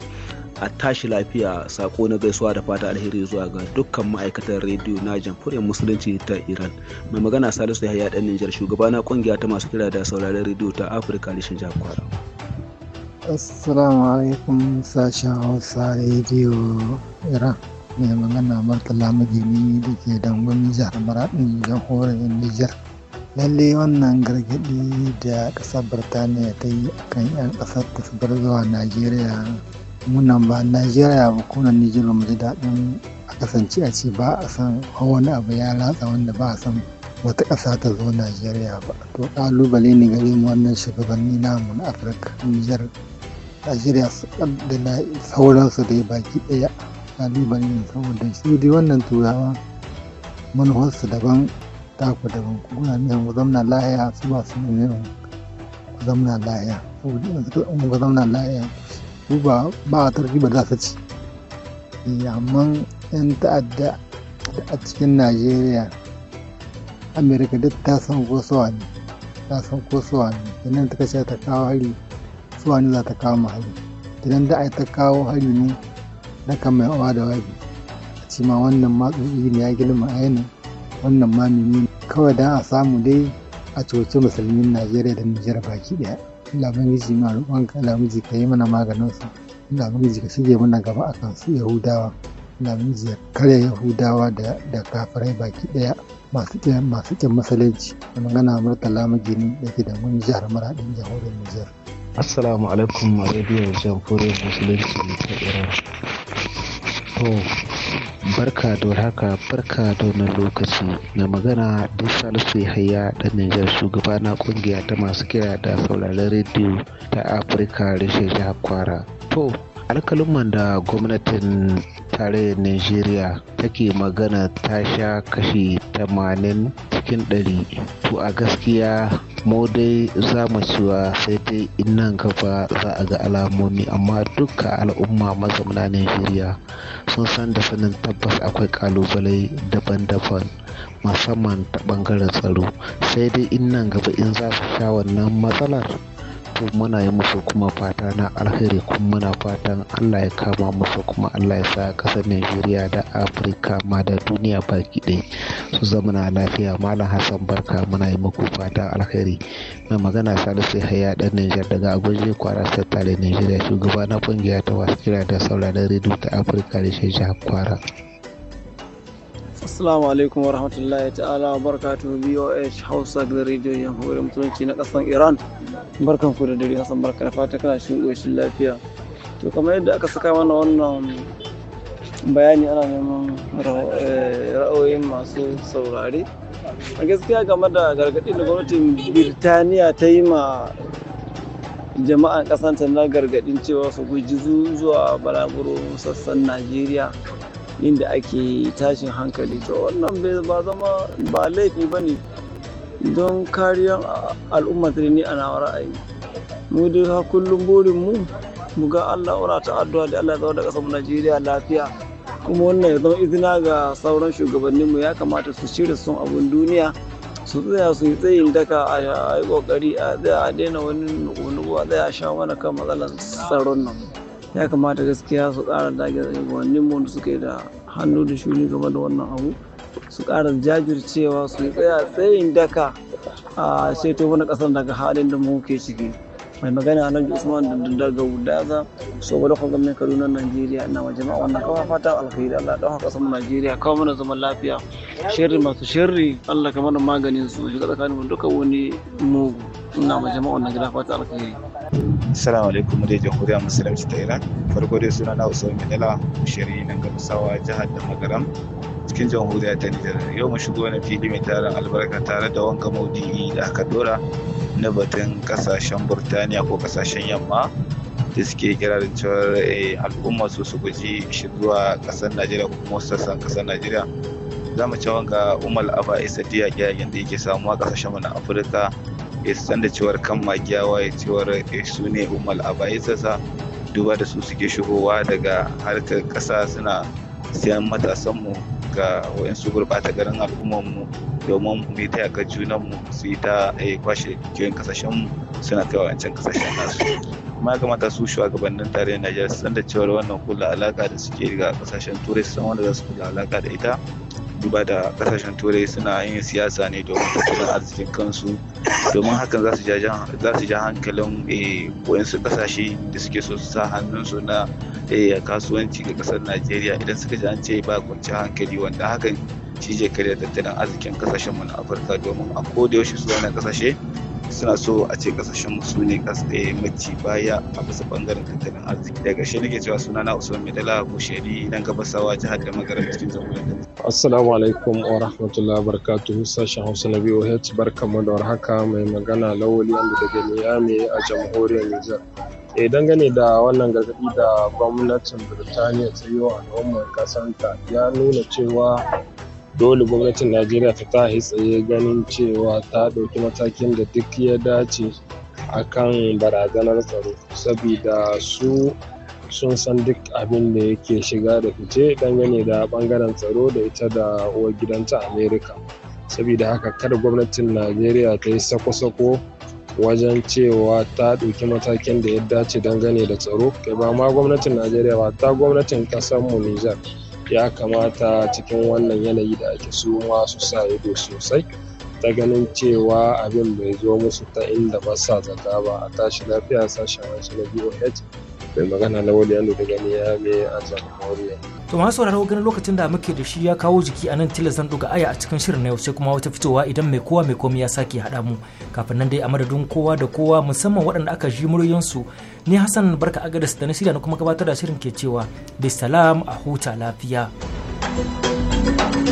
a tashi lafiya sako na gaisuwa da fata alheri zuwa ga dukkan ma'aikatan rediyo na jamhuriyar musulunci ta Iran mai magana Salisu Yahaya dan Niger shugaba na kungiya ta masu kira da sauraron rediyo ta Afirka Lishin Jakwara. Assalamu alaikum sashen Hausa Radio Iran. mai magana Murtala Magini da ke dangon jihar Maradin jamhuriyar Nijar. Lalle wannan gargaɗi da ƙasar Birtaniya ta yi a kan 'yan ƙasar ta fi bar zuwa Najeriya. Munan ba Najeriya ba kuna Nijar ba mu ji daɗin a kasance a ce ba a san wani abu ya latsa wanda ba a san wata ƙasa ta zo Najeriya ba. To ƙalubale ne gare mu wannan shugabanni namu na Afirka Nijar a shirya da na sauransu da baki ɗaya kalibale ne saboda shi dai wannan turawa manufarsu daban taku daban kuna nihin mu zamna lahiya su ba su nihin mu zamna lahiya saboda in zamna lahiya su ba ba a tarki ba za su ci eh, amma yan ta'adda a cikin najeriya amerika duk ta san kosowa ne ta san kosowa ne Sannan ta kashe ta kawo hari suwa ne za ta kawo mu hari idan da ta kawo hari ne na kan mai awa da wabi a ce ma wannan ma tsotsi ne ya girma a yanin wannan ma mimi kawai dan a samu dai a coci musulmin najeriya da nijar baki daya lamuriji ma roƙonka lamuriji ka yi mana maganinsu lamuriji ka shige mana gaba a kan su yahudawa lamuriji ya karya yahudawa da kafirai baki daya masu ƙin masalanci da magana murtala magini da ke da mun jihar maradin jamhuriyar nijar assalamu alaikum a radio jamhuriyar musulunci ta iran to barka da haka barka da wannan lokaci na magana da salisu yahaya da nijar shugaba na kungiya ta masu kira da sauraron rediyo ta afirka rashin jihar kwara to alkalin da gwamnatin tarayyar Najeriya take magana ta sha kashi 80 cikin 100. To a gaskiya mu dai za mu cewa sai dai in nan gaba za a ga alamomi amma duka al'umma mazauna Najeriya sun san da sanin tabbas akwai kalubale daban-daban musamman ta bangaren tsaro sai dai in nan gaba in za su sha wannan matsalar muna yi musu kuma fata na alheri kuma muna fatan Allah ya kama musu kuma Allah ya sa kasar Najeriya da Afirka ma da duniya baki ɗaya su zama na lafiya Malam Hassan Barka muna yi muku fatan alheri mai magana Salisu haya dan Nijar daga Abuja Kwara State Najeriya shugaba na kungiya ta wasu kira da sauraron rediyo ta Afirka da shi Kwara. Assalamu alaikum wa rahmatullahi ta'ala wa barakatu BOH Hausa da Radio yahoo Musulunci na ƙasar Iran. Barkan ku da dare Hassan barka da fata kana shi lafiya. To kamar yadda aka saka mana wannan bayani ana neman ra'ayoyin eh, masu saurare. A gaskiya game da gargaɗi da gwamnatin Birtaniya ta yi ma jama'an ƙasanta na gargaɗin cewa su guji zuwa balaguro sassan Najeriya. inda ake tashin hankali to wannan ba zama ba laifi ba ne don kariyar al'ummar ni a nawa ra'ayi mu dai ha kullum burin mu mu ga Allah ora ta addu'a da Allah ya zama da kasar Najeriya lafiya kuma wannan ya zama izina ga sauran shugabanninmu ya kamata su shirya sun abun duniya su tsaya su yi tsayin daka a yi kokari a tsaya a daina wani nuku a tsaya a sha mana kan matsalar tsaron nan. ya kamata gaskiya su ƙara dage shugabannin mu suke da hannu da shuni game da wannan abu su ƙara jajircewa su tsaya tsayin daka a ceto mana ƙasar daga halin da muke ciki mai magana alhaji usman daga wudaza so ba lokacin gwamnan kaduna najeriya ina ma jama'a wannan kawai fatan alkhairi allah ɗauka haka najeriya kawo mana zaman lafiya shirri masu shirri allah kamar maganin su shiga tsakanin mu duka wani mugu ina ma jama'a wannan gida fata alkhairi Assalamu alaikum dai jamhuriya musulunci ta Iran. Farko dai suna na Usman Minala, shari'i nan ga Musawa jihar da Magaram. cikin jamhuriyar ta Nijar. Yau mu shigo na fili mai tarin albarka tare da wanka maudi da aka dora na batun kasashen Burtaniya ko kasashen yamma da suke kirarin cewar eh, al'umma su su guji shigowa kasar Najeriya ko kuma kasar Najeriya. Za mu cewa ga Umar Aba Isa Diya yayin da yake samuwa kasashen mu na Afirka ya san da cewar kan magiyawa ya cewar eh, su ne Umar Aba Isa sa duba da su suke shigowa daga harkar kasa suna siyan matasanmu ga waɗansu gurɓata garin al'ummarmu domin mu ta ga junanmu su yi ta eh, kwashe kasashen mu suna kai wancan kasashen nasu kuma mata su shugabannin tarayyar najeriya su san da cewa wannan kula alaka da suke ga kasashen turai su san wanda za su kula alaka da ita duba da kasashen turai suna yin siyasa ne domin tattalin arzikin kansu domin hakan za su ja hankalin eh, wayansu kasashe da suke so su sa hannunsu na eh, kasuwanci ga kasar najeriya idan suka ji an ce ba kwanciyar hankali wanda hakan shi je karya tattalin arzikin kasashen mu na afirka domin a koda yaushe su na kasashe suna so a ce kasashen su ne eh, mace baya a bisa bangaren tattalin arziki daga shi nake cewa suna na usman ko ka nan gabasawa jihar da magarin cikin jamhuriyar assalamu alaikum wa rahmatullahi wa barakatuhu sashen hausa na boh barkamu da warhaka mai magana lawali wanda daga miami a jamhuriyar nijar e dangane da wannan gargaɗi da gwamnatin birtaniya ta yi wa al'ummar kasanta ya nuna cewa dole gwamnatin najeriya ta ta tsaye ganin cewa ta ɗauki matakin da duk ya dace akan barazanar tsaro saboda su sun san duk abin da yake shiga da fice dangane da bangaren tsaro da ita da uwar gidanta amerika saboda haka kada gwamnatin najeriya ta yi sako-sako wajen cewa ta ɗauki matakin da ya dace dangane da tsaro kai ba ma gwamnatin najeriya ba ta gwamnatin mu nijar ya kamata cikin wannan yanayi da ake su su sa ido sosai ta ganin cewa abin bai zo musu ta inda ba sa zata ba a tashi lafiya sashen wasu na boh mai magana na wali yalo da ne ya me a samu to masu sauraro ganin lokacin da muke da shi ya kawo jiki a nan tilas zan aya a cikin shirin na yau sai kuma wata fitowa idan mai kowa mai komai ya sake haɗa mu kafin nan dai a madadin kowa da kowa musamman waɗanda aka ji muryoyinsu ni hassan barka agadas da na shirya na kuma gabatar da shirin ke cewa salam a huta lafiya. thank you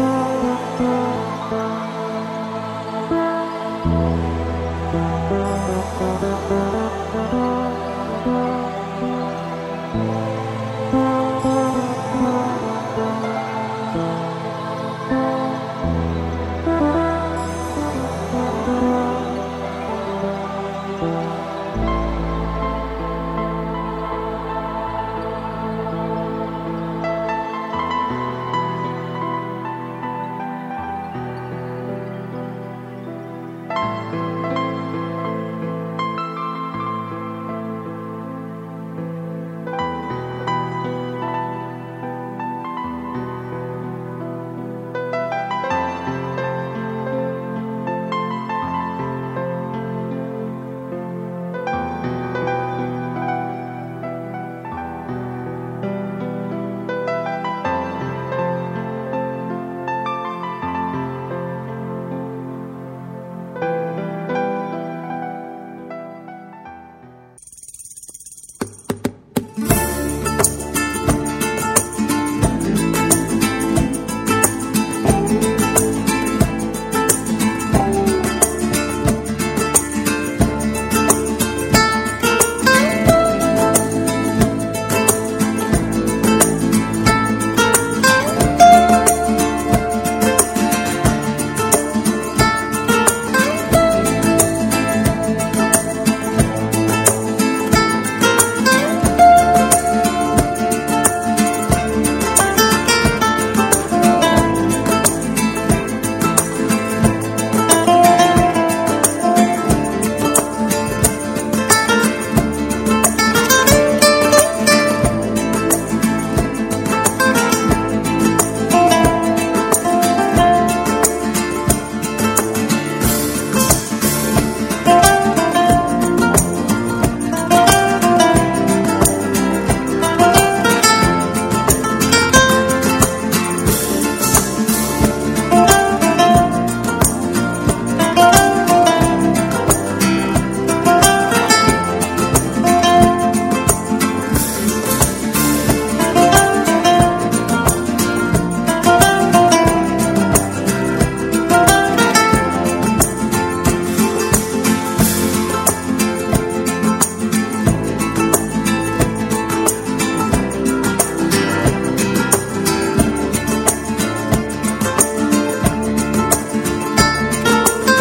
Thank you.